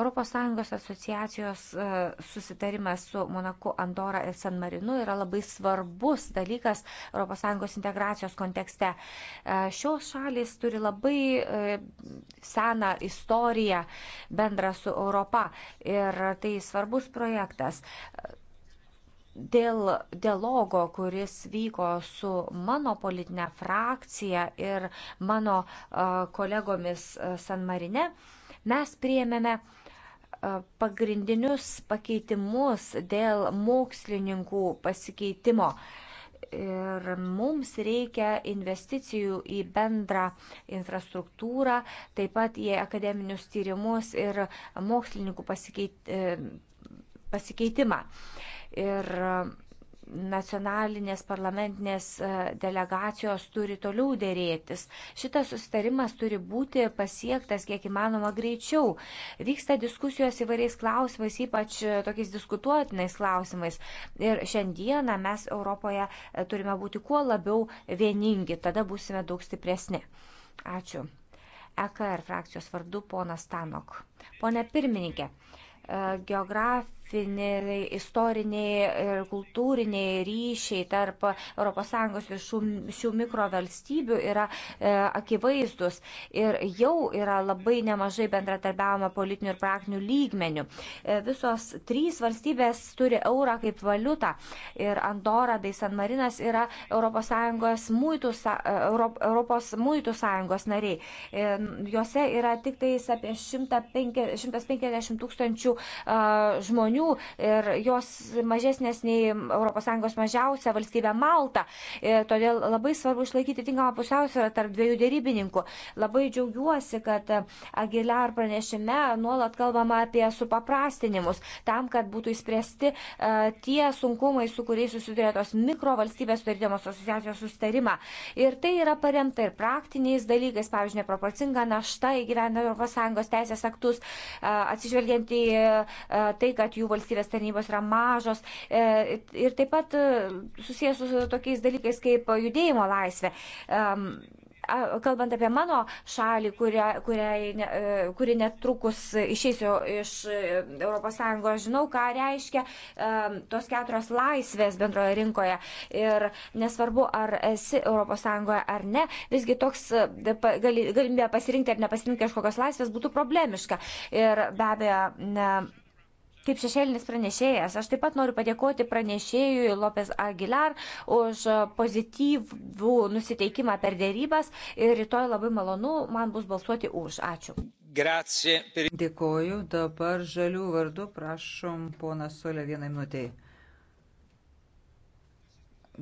ES asociacijos e, susitarimas su Monaku, Andora ir San Marinu yra labai svarbus dalykas ES integracijos kontekste. E, šios šalis turi labai e, seną istoriją bendrą su Europa ir tai svarbus projektas dėl dialogo, kuris vyko su mano politinė frakcija ir mano kolegomis San Marine, mes priėmėme uh, pagrindinius pakeitimus dėl mokslininkų pasikeitimo. Ir mums reikia investicijų į bendrą infrastruktūrą, taip pat į akademinius tyrimus ir mokslininkų pasikeit, e, pasikeitimą. Ir nacionalinės parlamentinės e, delegacijos turi toliau dėrėtis. Šitas susitarimas turi būti pasiektas kiek įmanoma greičiau. Vyksta diskusijos įvairiais klausimais, ypač e, tokiais diskutuotinais klausimais. Ir šiandieną mes Europoje e, turime būti kuo labiau vieningi, tada būsime daug stipresni. Ačiū. EKR frakcijos vardu ponas Tanok. Pone pirmininkė, geografija specifiniai istoriniai ir kultūriniai ryšiai tarp ES ir šių, šių mikrovalstybių yra e, akivaizdus ir jau yra labai nemažai bendratarbiavimo politinių ir praktinių lygmenių. E, visos trys valstybės turi eurą kaip valiutą ir Andora bei San Marinas yra ES muitų, e, Europos muitų sąjungos nariai. E, jose yra tik tais apie 150 tūkstančių e, žmonių narių ir jos mažesnės nei ES mažiausia valstybė Malta. Ir e, todėl labai svarbu išlaikyti tinkamą pusiausvyrą tarp dviejų dėrybininkų. Labai džiaugiuosi, kad Aguilar pranešime nuolat kalbama apie supaprastinimus, tam, kad būtų įspręsti e, tie sunkumai, su kuriais susiduria tos mikrovalstybės sudarydamos asociacijos sustarimą. Ir tai yra paremta ir praktiniais dalykais, pavyzdžiui, neproporcinga našta įgyvendinant ES teisės aktus, e, atsižvelgiant į tai, kad jų valstybės tarnybos yra mažos e, ir taip pat e, susijęs su tokiais dalykais kaip judėjimo laisvė kalbant apie mano šalį, kuria, kuria, e, kuri netrukus išeisiu iš ES, žinau, ką reiškia tos keturios laisvės bendroje rinkoje. Ir nesvarbu, ar esi ES ar ne, visgi toks galimybė pasirinkti ar nepasirinkti kažkokios laisvės būtų problemiška. Ir be abejo, ne, Kaip šešėlinis pranešėjas, aš taip pat noriu padėkoti pranešėjui Lopes Aguilar už pozityvų nusiteikimą per dėrybas ir rytoj labai malonu man bus balsuoti už. Ačiū. Grazie. Dėkoju. Dabar žalių vardu prašom poną Solę vienai minutėjai.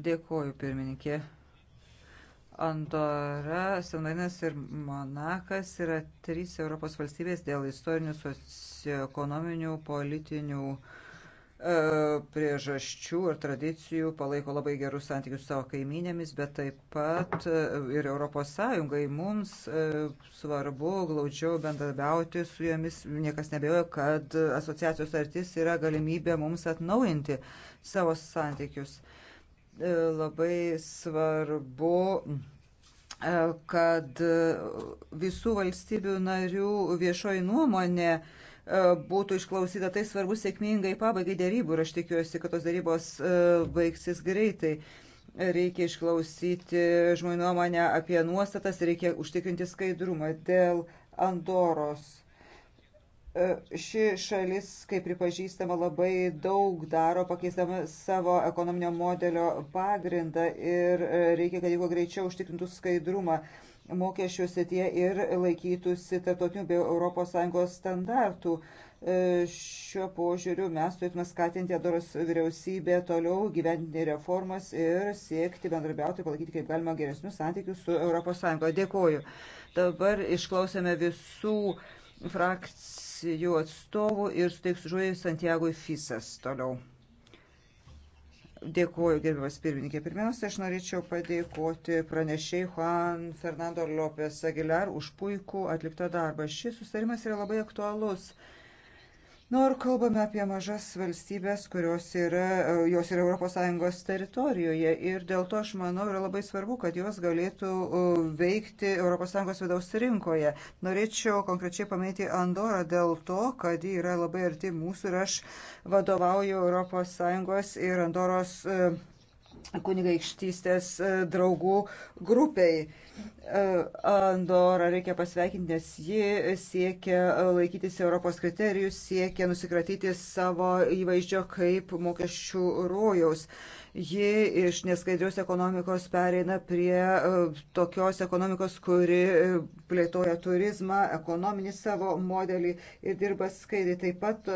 Dėkoju, pirmininkė. Andora, Senvainas ir Monakas yra trys Europos valstybės dėl istorinių, socioekonominių, politinių e, priežasčių ir tradicijų palaiko labai gerus santykius su savo kaiminėmis, bet taip pat e, ir Europos Sąjungai mums e, svarbu glaudžiau bendradarbiauti su jomis. Niekas nebejoja, kad asociacijos artis yra galimybė mums atnaujinti savo santykius. E, labai svarbu, e, kad visų valstybių narių viešoji nuomonė e, būtų išklausyta. Tai svarbu sėkmingai pabaigai dėrybų ir aš tikiuosi, kad tos dėrybos e, baigsis greitai. Reikia išklausyti žmonių nuomonę apie nuostatas, reikia užtikrinti skaidrumą dėl Andoros E, ši šalis, kaip pripažįstama, labai daug daro, pakeisdama savo ekonominio modelio pagrindą ir e, reikia, kad jeigu greičiau užtikrintų skaidrumą mokesčių sitie ir laikytųsi tarptautinių bei ES standartų. E, šiuo požiūriu mes turėtume skatinti Adoros vyriausybę toliau gyventinti reformas ir siekti bendrabiauti, palaikyti kaip galima geresnius santykius su ES. Dėkoju. Dabar išklausėme visų frakcijų frakcijų atstovų ir suteiksiu žodį Santiagui Fisas toliau. Dėkuoju, gerbiamas pirmininkė. Pirmiausia, aš norėčiau padėkoti pranešėjai Juan Fernando Lopes Aguilar už puikų atliktą darbą. Šis susitarimas yra labai aktualus Nor kalbame apie mažas valstybės, kurios yra, jos yra ES teritorijoje ir dėl to aš manau yra labai svarbu, kad jos galėtų veikti ES vidaus rinkoje. Norėčiau konkrečiai paminėti Andorą dėl to, kad ji yra labai arti mūsų ir aš vadovauju ES ir Andoros e, kunigaikštystės e, draugų grupiai. E, Andorą reikia pasveikinti, nes ji siekia laikytis Europos kriterijus, siekia nusikratyti savo įvaizdžio kaip mokesčių rojaus. Ji iš neskaidrios ekonomikos pereina prie e, tokios ekonomikos, kuri plėtoja turizmą, ekonominį savo modelį ir dirba skaidriai. Taip pat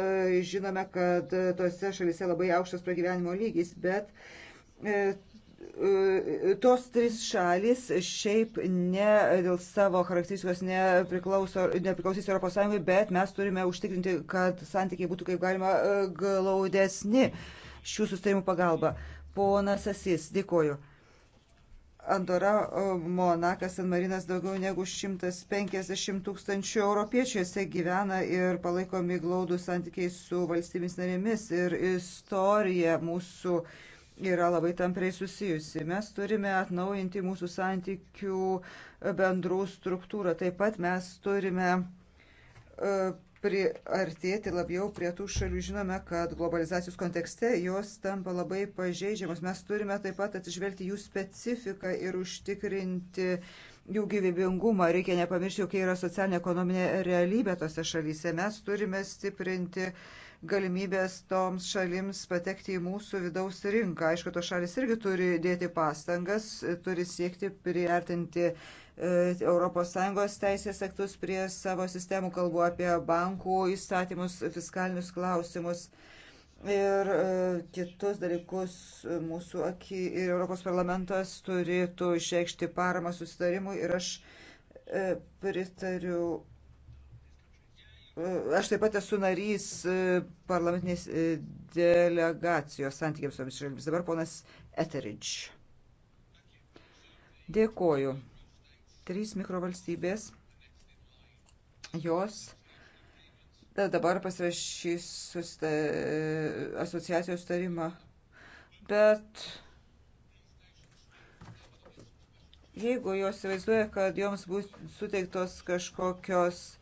žinome, kad tose šalise labai aukštas pragyvenimo lygis, bet uh, E, e, tos trys šalis šiaip ne dėl savo charakteristikos nepriklausys Europos Sąjungai, bet mes turime užtikrinti, kad santykiai būtų kaip galima e, glaudesni šių sustarimų pagalba. Ponas Asys, dėkoju. Andora, Monakas, San Marinas daugiau negu 150 tūkstančių europiečių jose gyvena ir palaikomi glaudų santykiai su valstybės narėmis ir istorija mūsų uh, yra labai tampriai susijusi. Mes turime atnaujinti mūsų santykių bendrų struktūrą. Taip pat mes turime e, priartėti labiau prie tų šalių. Žinome, kad globalizacijos kontekste jos tampa labai pažeidžiamos. Mes turime taip pat atsižvelgti jų specifiką ir užtikrinti uh, jų gyvybingumą. Reikia nepamiršti, kokia tai yra socialinė ekonominė realybė tose šalyse. Mes turime stiprinti galimybės toms šalims patekti į mūsų vidaus rinką. Aišku, tos šalis irgi turi dėti pastangas, turi siekti priartinti ES teisės aktus prie savo sistemų, kalbu apie bankų įstatymus, fiskalinius klausimus ir e, kitus dalykus e, mūsų aki ir Europos parlamentas turėtų išreikšti paramą susitarimui ir aš e, pritariu. Aš taip pat esu narys parlamentinės delegacijos santykiams su šalimis. Dabar ponas Eteridž. Dėkoju. Trys mikrovalstybės. Jos dabar pasirašys susta, asociacijos starimą. Bet jeigu jos įvaizduoja, kad joms bus suteiktos kažkokios e,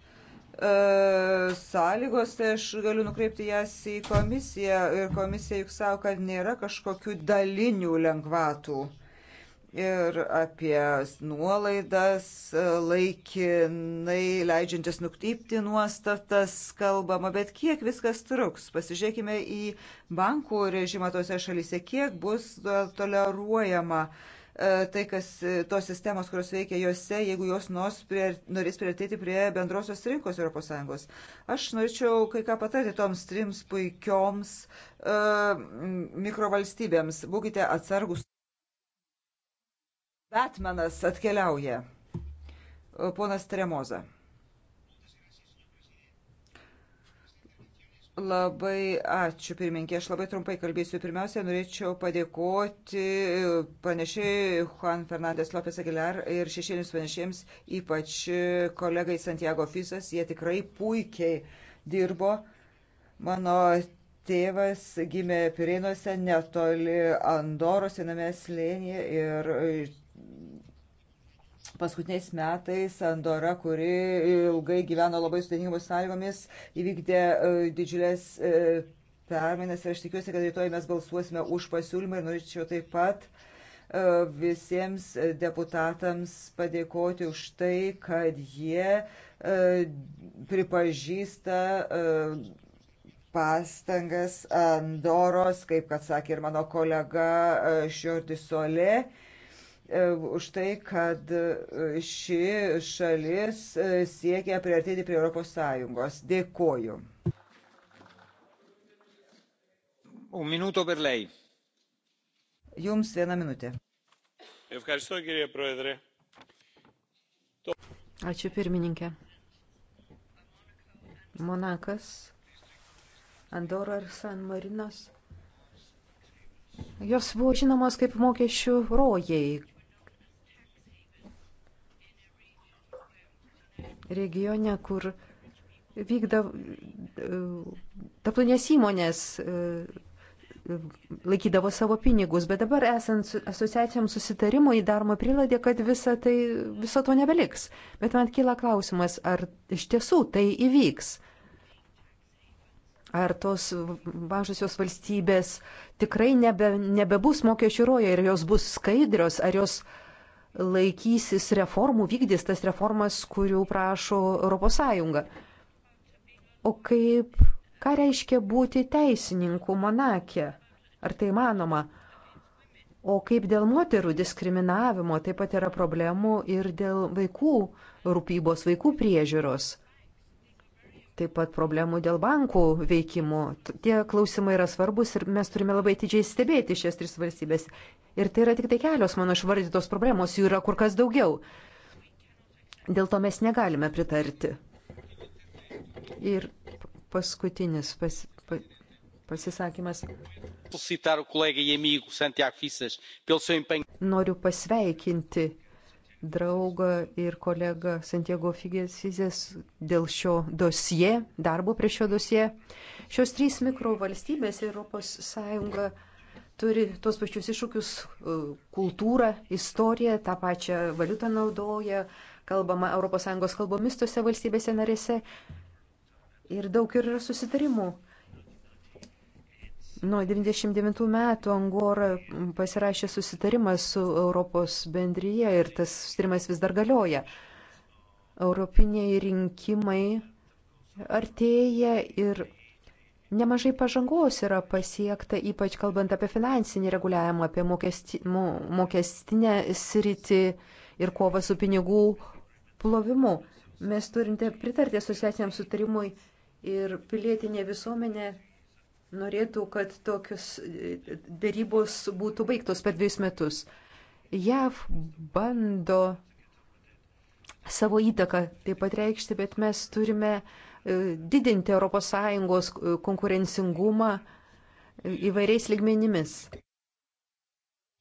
sąlygos, tai aš galiu nukreipti jas į komisiją ir komisija juk savo, kad nėra kažkokių dalinių lengvatų ir apie nuolaidas laikinai leidžiantis nukrypti nuostatas kalbama, bet kiek viskas truks. Pasižiūrėkime į bankų režimą tose šalyse, kiek bus toleruojama e, tai, kas tos sistemos, kurios veikia juose, jeigu jos nors prie, norės priartėti prie bendrosios rinkos ES. Aš norėčiau kai ką patarti toms trims puikioms uh, mikrovalstybėms. Būkite atsargus. Betmenas atkeliauja. Ponas Tremoza. Labai ačiū, pirmininkė. Aš labai trumpai kalbėsiu. Pirmiausia, norėčiau padėkoti pranešėjai Juan Fernandės Lopes Aguilar ir šešėlius pranešėjams, ypač kolegai Santiago Fisas. Jie tikrai puikiai dirbo. Mano tėvas gimė Pirėnuose netoli Andoros, viename slėnyje ir paskutiniais metais Andora, kuri ilgai gyveno labai sudėtingomis sąlygomis, įvykdė e, didžiulės e, permainas ir aš tikiuosi, kad rytoj mes balsuosime už pasiūlymą ir norėčiau taip pat e, visiems deputatams padėkoti už tai, kad jie pripažįsta pastangas Andoros, kaip kad sakė ir mano kolega Šiordi Solė, E, už tai, kad e, ši šalis e, siekia priartėti prie Europos Sąjungos. Dėkoju. Un minuto per lei. Jums viena minutė. Ačiū pirmininkė. Monakas, Andorra ir San Marinas. Jos buvo žinomos kaip mokesčių rojai, regione, kur vykda taplinės įmonės laikydavo savo pinigus, bet dabar esant asociacijams susitarimo įdaroma priladė, kad visa, tai, viso to nebeliks. Bet man kyla klausimas, ar iš tiesų tai įvyks? Ar tos mažosios valstybės tikrai nebe, nebebus mokesčių roja ir jos bus skaidrios, ar jos uh, laikysis reformų, vykdys tas reformas, kurių prašo ES. O kaip, ką reiškia būti teisininku Monakė? Ar tai manoma? O kaip dėl moterų diskriminavimo taip pat yra problemų ir dėl vaikų rūpybos, vaikų priežiūros taip pat problemų dėl bankų veikimų. Tie klausimai yra svarbus ir mes turime labai atidžiai stebėti šias tris valstybės. Ir tai yra tik tai kelios mano išvardytos problemos, jų yra kur kas daugiau. Dėl to mes negalime pritarti. Ir paskutinis pas, pa, pasisakymas. E Noriu pasveikinti draugą ir kolegą Santiago Figesizės dėl šio dosie, darbo prie šio dosie. Šios trys mikrovalstybės ES turi tos pačius iššūkius e, - kultūrą, istoriją, tą pačią valiutą naudoja, kalbama ES kalbomis tose valstybėse narėse ir daug ir susitarimų. Nuo 99 metų Angora pasirašė susitarimą su Europos bendryje ir tas susitarimas vis dar galioja. Europiniai rinkimai artėja ir Nemažai pažangos yra pasiekta, ypač kalbant apie finansinį reguliavimą, apie mokesti, mokestinę sritį ir kovą su pinigų plovimu. Mes turime pritarti asociaciniam sutarimui ir pilietinė visuomenė norėtų, kad tokios e, dėrybos būtų baigtos per dviejus metus. JAV bando savo įtaką taip pat reikšti, bet mes turime e, didinti ES konkurencingumą e, įvairiais ligmenimis.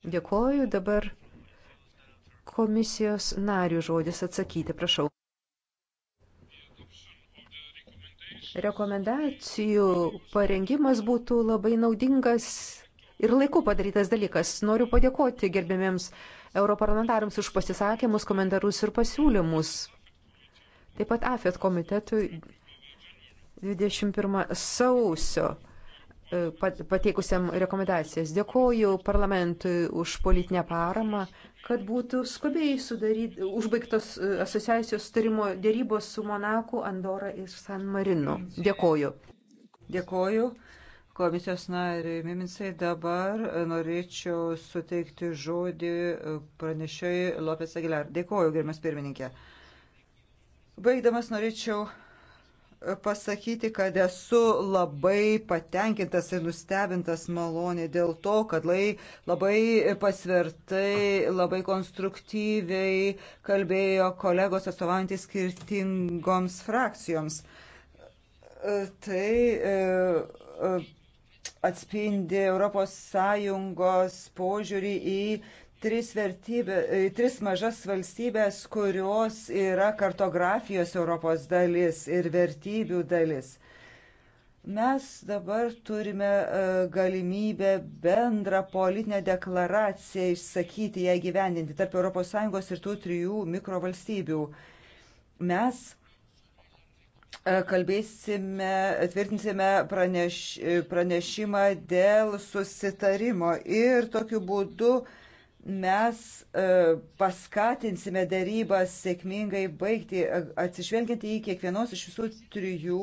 Dėkuoju dabar komisijos narių žodis atsakyti, prašau. rekomendacijų parengimas būtų labai naudingas ir laiku padarytas dalykas. Noriu padėkoti gerbėmiems europarlamentarams už pasisakymus, komentarus ir pasiūlymus. Taip pat AFET komitetui 21 sausio e, pateikusiam rekomendacijas. Dėkoju parlamentui už politinę paramą, kad būtų skubiai sudaryt, užbaigtos e, asociacijos starimo dėrybos su Monaku, Andora ir San Marinu. Dėkoju. Dėkoju. Komisijos nariui Miminsai dabar e, norėčiau suteikti žodį e, pranešėjai Lopės Aguilar. Dėkoju, gerbiamas pirmininkė. Baigdamas norėčiau pasakyti, kad esu labai patenkintas ir nustebintas malonė dėl to, kad lai, labai pasvertai, labai konstruktyviai kalbėjo kolegos atstovaujantys skirtingoms frakcijoms. E, tai e, e atspindi ES požiūrį į tris, vertybė, e, tris mažas valstybės, kurios yra kartografijos Europos dalis ir vertybių dalis. Mes dabar turime e, galimybę bendrą politinę deklaraciją išsakyti, ją gyvendinti tarp ES ir tų trijų mikrovalstybių. Mes e, kalbėsime, tvirtinsime praneš, pranešimą dėl susitarimo ir tokiu būdu uh, mes e, paskatinsime darybas sėkmingai baigti, e, atsižvelgiant į kiekvienos iš visų trijų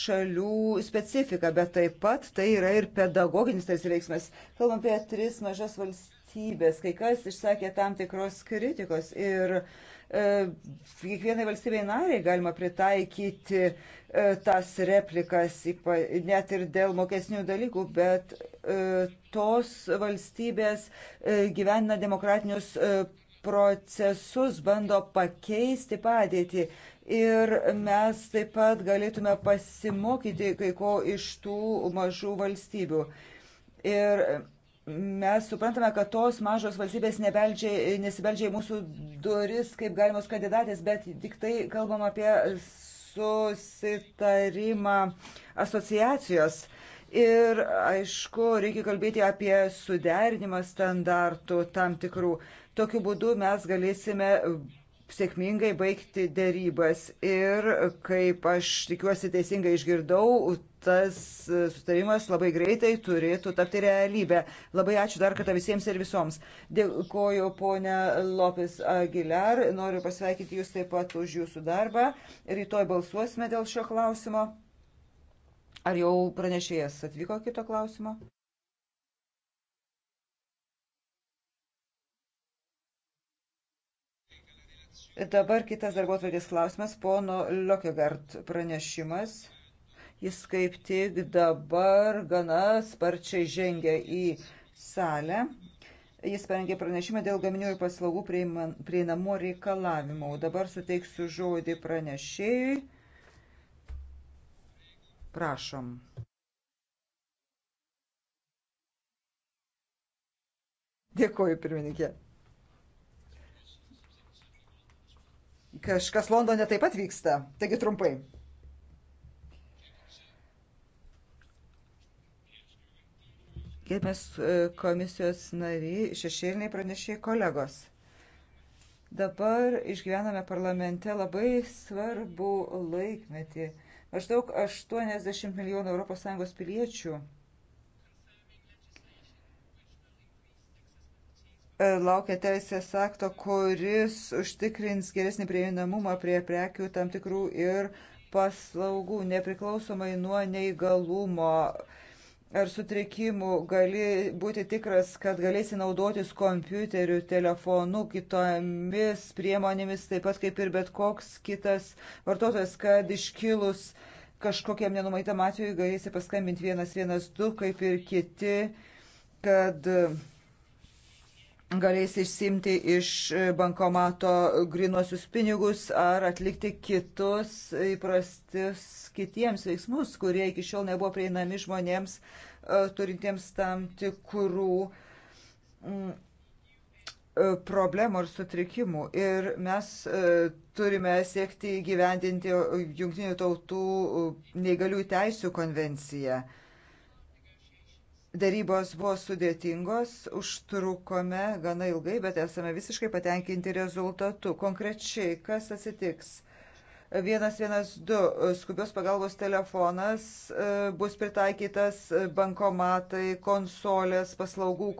šalių specifiką, bet taip pat tai yra ir pedagoginis tarsi veiksmas. Kalbam apie tris mažas valstybės, kai kas išsakė tam tikros kritikos ir uh, E, kiekvienai valstybei nariai galima pritaikyti e, tas replikas, net ir dėl mokesnių dalykų, bet e, tos valstybės gyvena demokratinius procesus, bando pakeisti padėtį. Ir mes taip pat galėtume pasimokyti kai ko iš tų mažų valstybių. Ir mes suprantame, kad tos mažos valstybės nesibeldžia į mūsų duris kaip galimos kandidatės, bet tik tai kalbam apie susitarimą asociacijos. Ir aišku, reikia kalbėti apie suderinimą standartų tam tikrų. Tokiu būdu mes galėsime sėkmingai baigti dėrybas. Ir kaip aš tikiuosi teisingai išgirdau, tas sutarimas labai greitai turėtų tapti realybę. Labai ačiū dar kartą visiems ir visoms. Dėkoju ponia Lopis Aguilar, noriu pasveikinti jūs taip pat už jūsų darbą. Rytoj balsuosime dėl šio klausimo. Ar jau pranešėjas atvyko kito klausimo? Dabar kitas darbo atvarkės klausimas, pono Liokegard pranešimas. Jis kaip tik dabar gana sparčiai žengia į salę. Jis parengė pranešimą dėl gaminių ir paslaugų prieinamo reikalavimų. Dabar suteiksiu žodį pranešėjui. Prašom. Dėkuoju, pirmininkė. Kažkas Londone taip pat vyksta. Taigi trumpai. Gerbiamas e, komisijos nariai, šešėliniai pranešė kolegos. Dabar išgyvename parlamente labai svarbų laikmetį. Maždaug 80 milijonų ES piliečių E, laukia teisės akto, kuris užtikrins geresnį prieinamumą prie prekių tam tikrų ir paslaugų, nepriklausomai nuo neįgalumo ar sutrikimų, gali būti tikras, kad galėsi naudotis kompiuteriu, telefonu, kitomis priemonėmis, taip pat kaip ir bet koks kitas vartotojas, kad iškilus kažkokiam nenumaitam atveju galėsi paskambinti 112, kaip ir kiti, kad galės išsimti iš e, bankomato grinuosius pinigus ar atlikti kitus įprastis kitiems veiksmus, kurie iki šiol nebuvo prieinami žmonėms e, turintiems tam tikrų mm, e, problemų ir sutrikimų. Ir mes turime siekti įgyvendinti Junktinių tautų neįgalių teisų konvenciją. Darybos buvo sudėtingos, užtrukome gana ilgai, bet esame visiškai patenkinti rezultatu. Konkrečiai, kas atsitiks? 112 e, skubios pagalbos telefonas e, bus pritaikytas e, bankomatai, konsolės, paslaugų,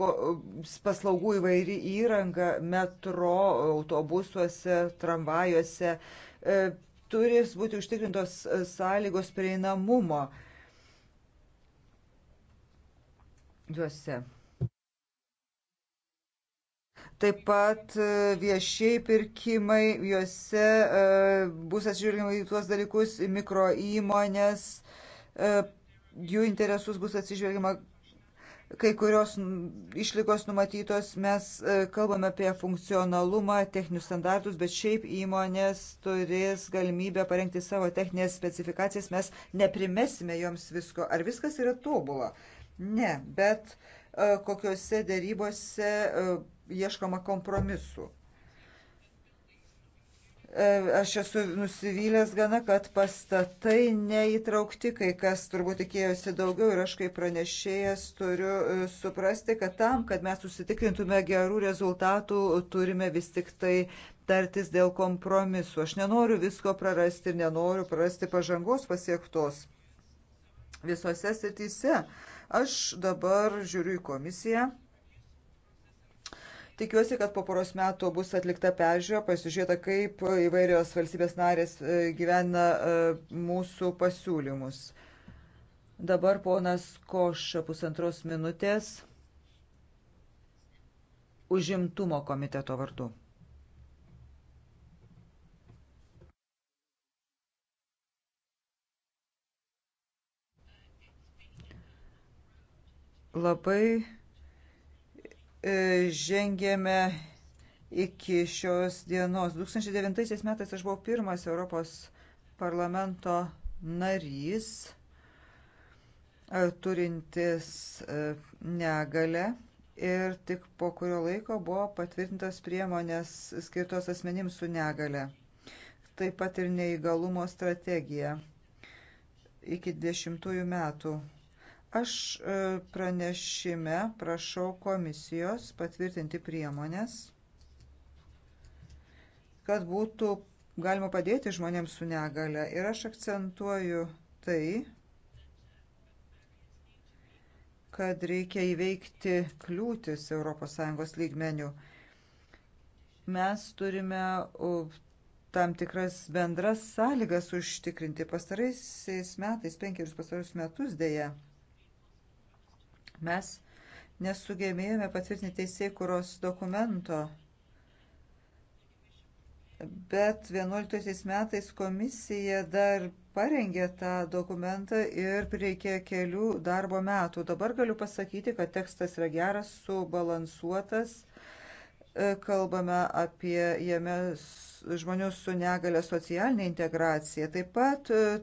paslaugų įvairi įranga metro, autobusuose, tramvajuose. Turis būti užtikrintos sąlygos prieinamumo. juose. Taip pat e, viešiai pirkimai, juose e, bus atsižiūrima į tuos dalykus, mikro įmonės, e, jų interesus bus atsižiūrima, kai kurios išlygos numatytos, mes kalbame apie funkcionalumą, techninius standartus, bet šiaip įmonės turės galimybę parengti savo techninės specifikacijas, mes neprimesime joms visko, ar viskas yra tobula. Ne, bet e, kokiuose dėrybose e, ieškoma kompromisų. E, aš esu nusivylęs gana, kad pastatai neįtraukti, kai kas turbūt tikėjosi daugiau ir aš kaip pranešėjas turiu suprasti, kad tam, kad mes susitikrintume gerų rezultatų, turime vis tik tai tartis dėl kompromisų. Aš nenoriu visko prarasti ir nenoriu prarasti pažangos pasiektos visose srityse. Tai Aš dabar žiūriu į komisiją. Tikiuosi, kad po poros metų bus atlikta peržiūra, pasižiūrėta, kaip įvairios valstybės narės e, gyvena e, mūsų pasiūlymus. Dabar ponas Koša pusantros minutės užimtumo komiteto vardu. Labai e, žengėme iki šios dienos. 2009 metais aš buvau pirmas Europos parlamento narys e, turintis e, negalę ir tik po kurio laiko buvo patvirtintos priemonės skirtos asmenims su negale. Taip pat ir neįgalumo strategija iki dešimtųjų metų Aš e, pranešime prašau komisijos patvirtinti priemonės, kad būtų galima padėti žmonėms su negale. Ir aš akcentuoju tai, kad reikia įveikti kliūtis ES lygmenių. Mes turime tam tikras bendras sąlygas užtikrinti pastaraisiais metais, penkerius pastarus metus dėja Mes nesugebėjome patvirtinti teisėkuros dokumento, bet 11 metais komisija dar parengė tą dokumentą ir prireikė kelių darbo metų. Dabar galiu pasakyti, kad tekstas yra geras, subalansuotas. E, kalbame apie jame žmonių su negale socialinę integraciją. Taip pat e,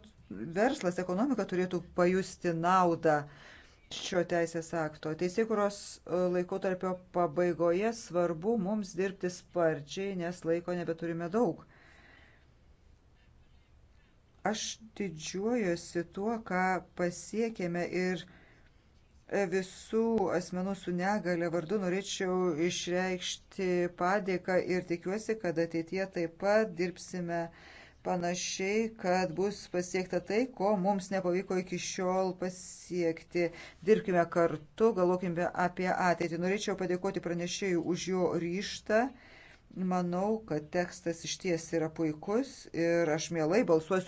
verslas, ekonomika turėtų pajusti naudą šio teisės akto. Teisėkuros e, laikotarpio pabaigoje svarbu mums dirbti sparčiai, nes laiko nebeturime daug. Aš didžiuojuosi tuo, ką pasiekėme ir e, visų asmenų su negale vardu norėčiau išreikšti padėką ir tikiuosi, kad ateitie taip pat dirbsime uh, panašiai, kad bus pasiekta tai, ko mums nepavyko iki šiol pasiekti. Dirbkime kartu, galvokime apie ateitį. Norėčiau padėkoti pranešėjų už jo ryštą. Manau, kad tekstas iš ties yra puikus ir aš mielai balsuosiu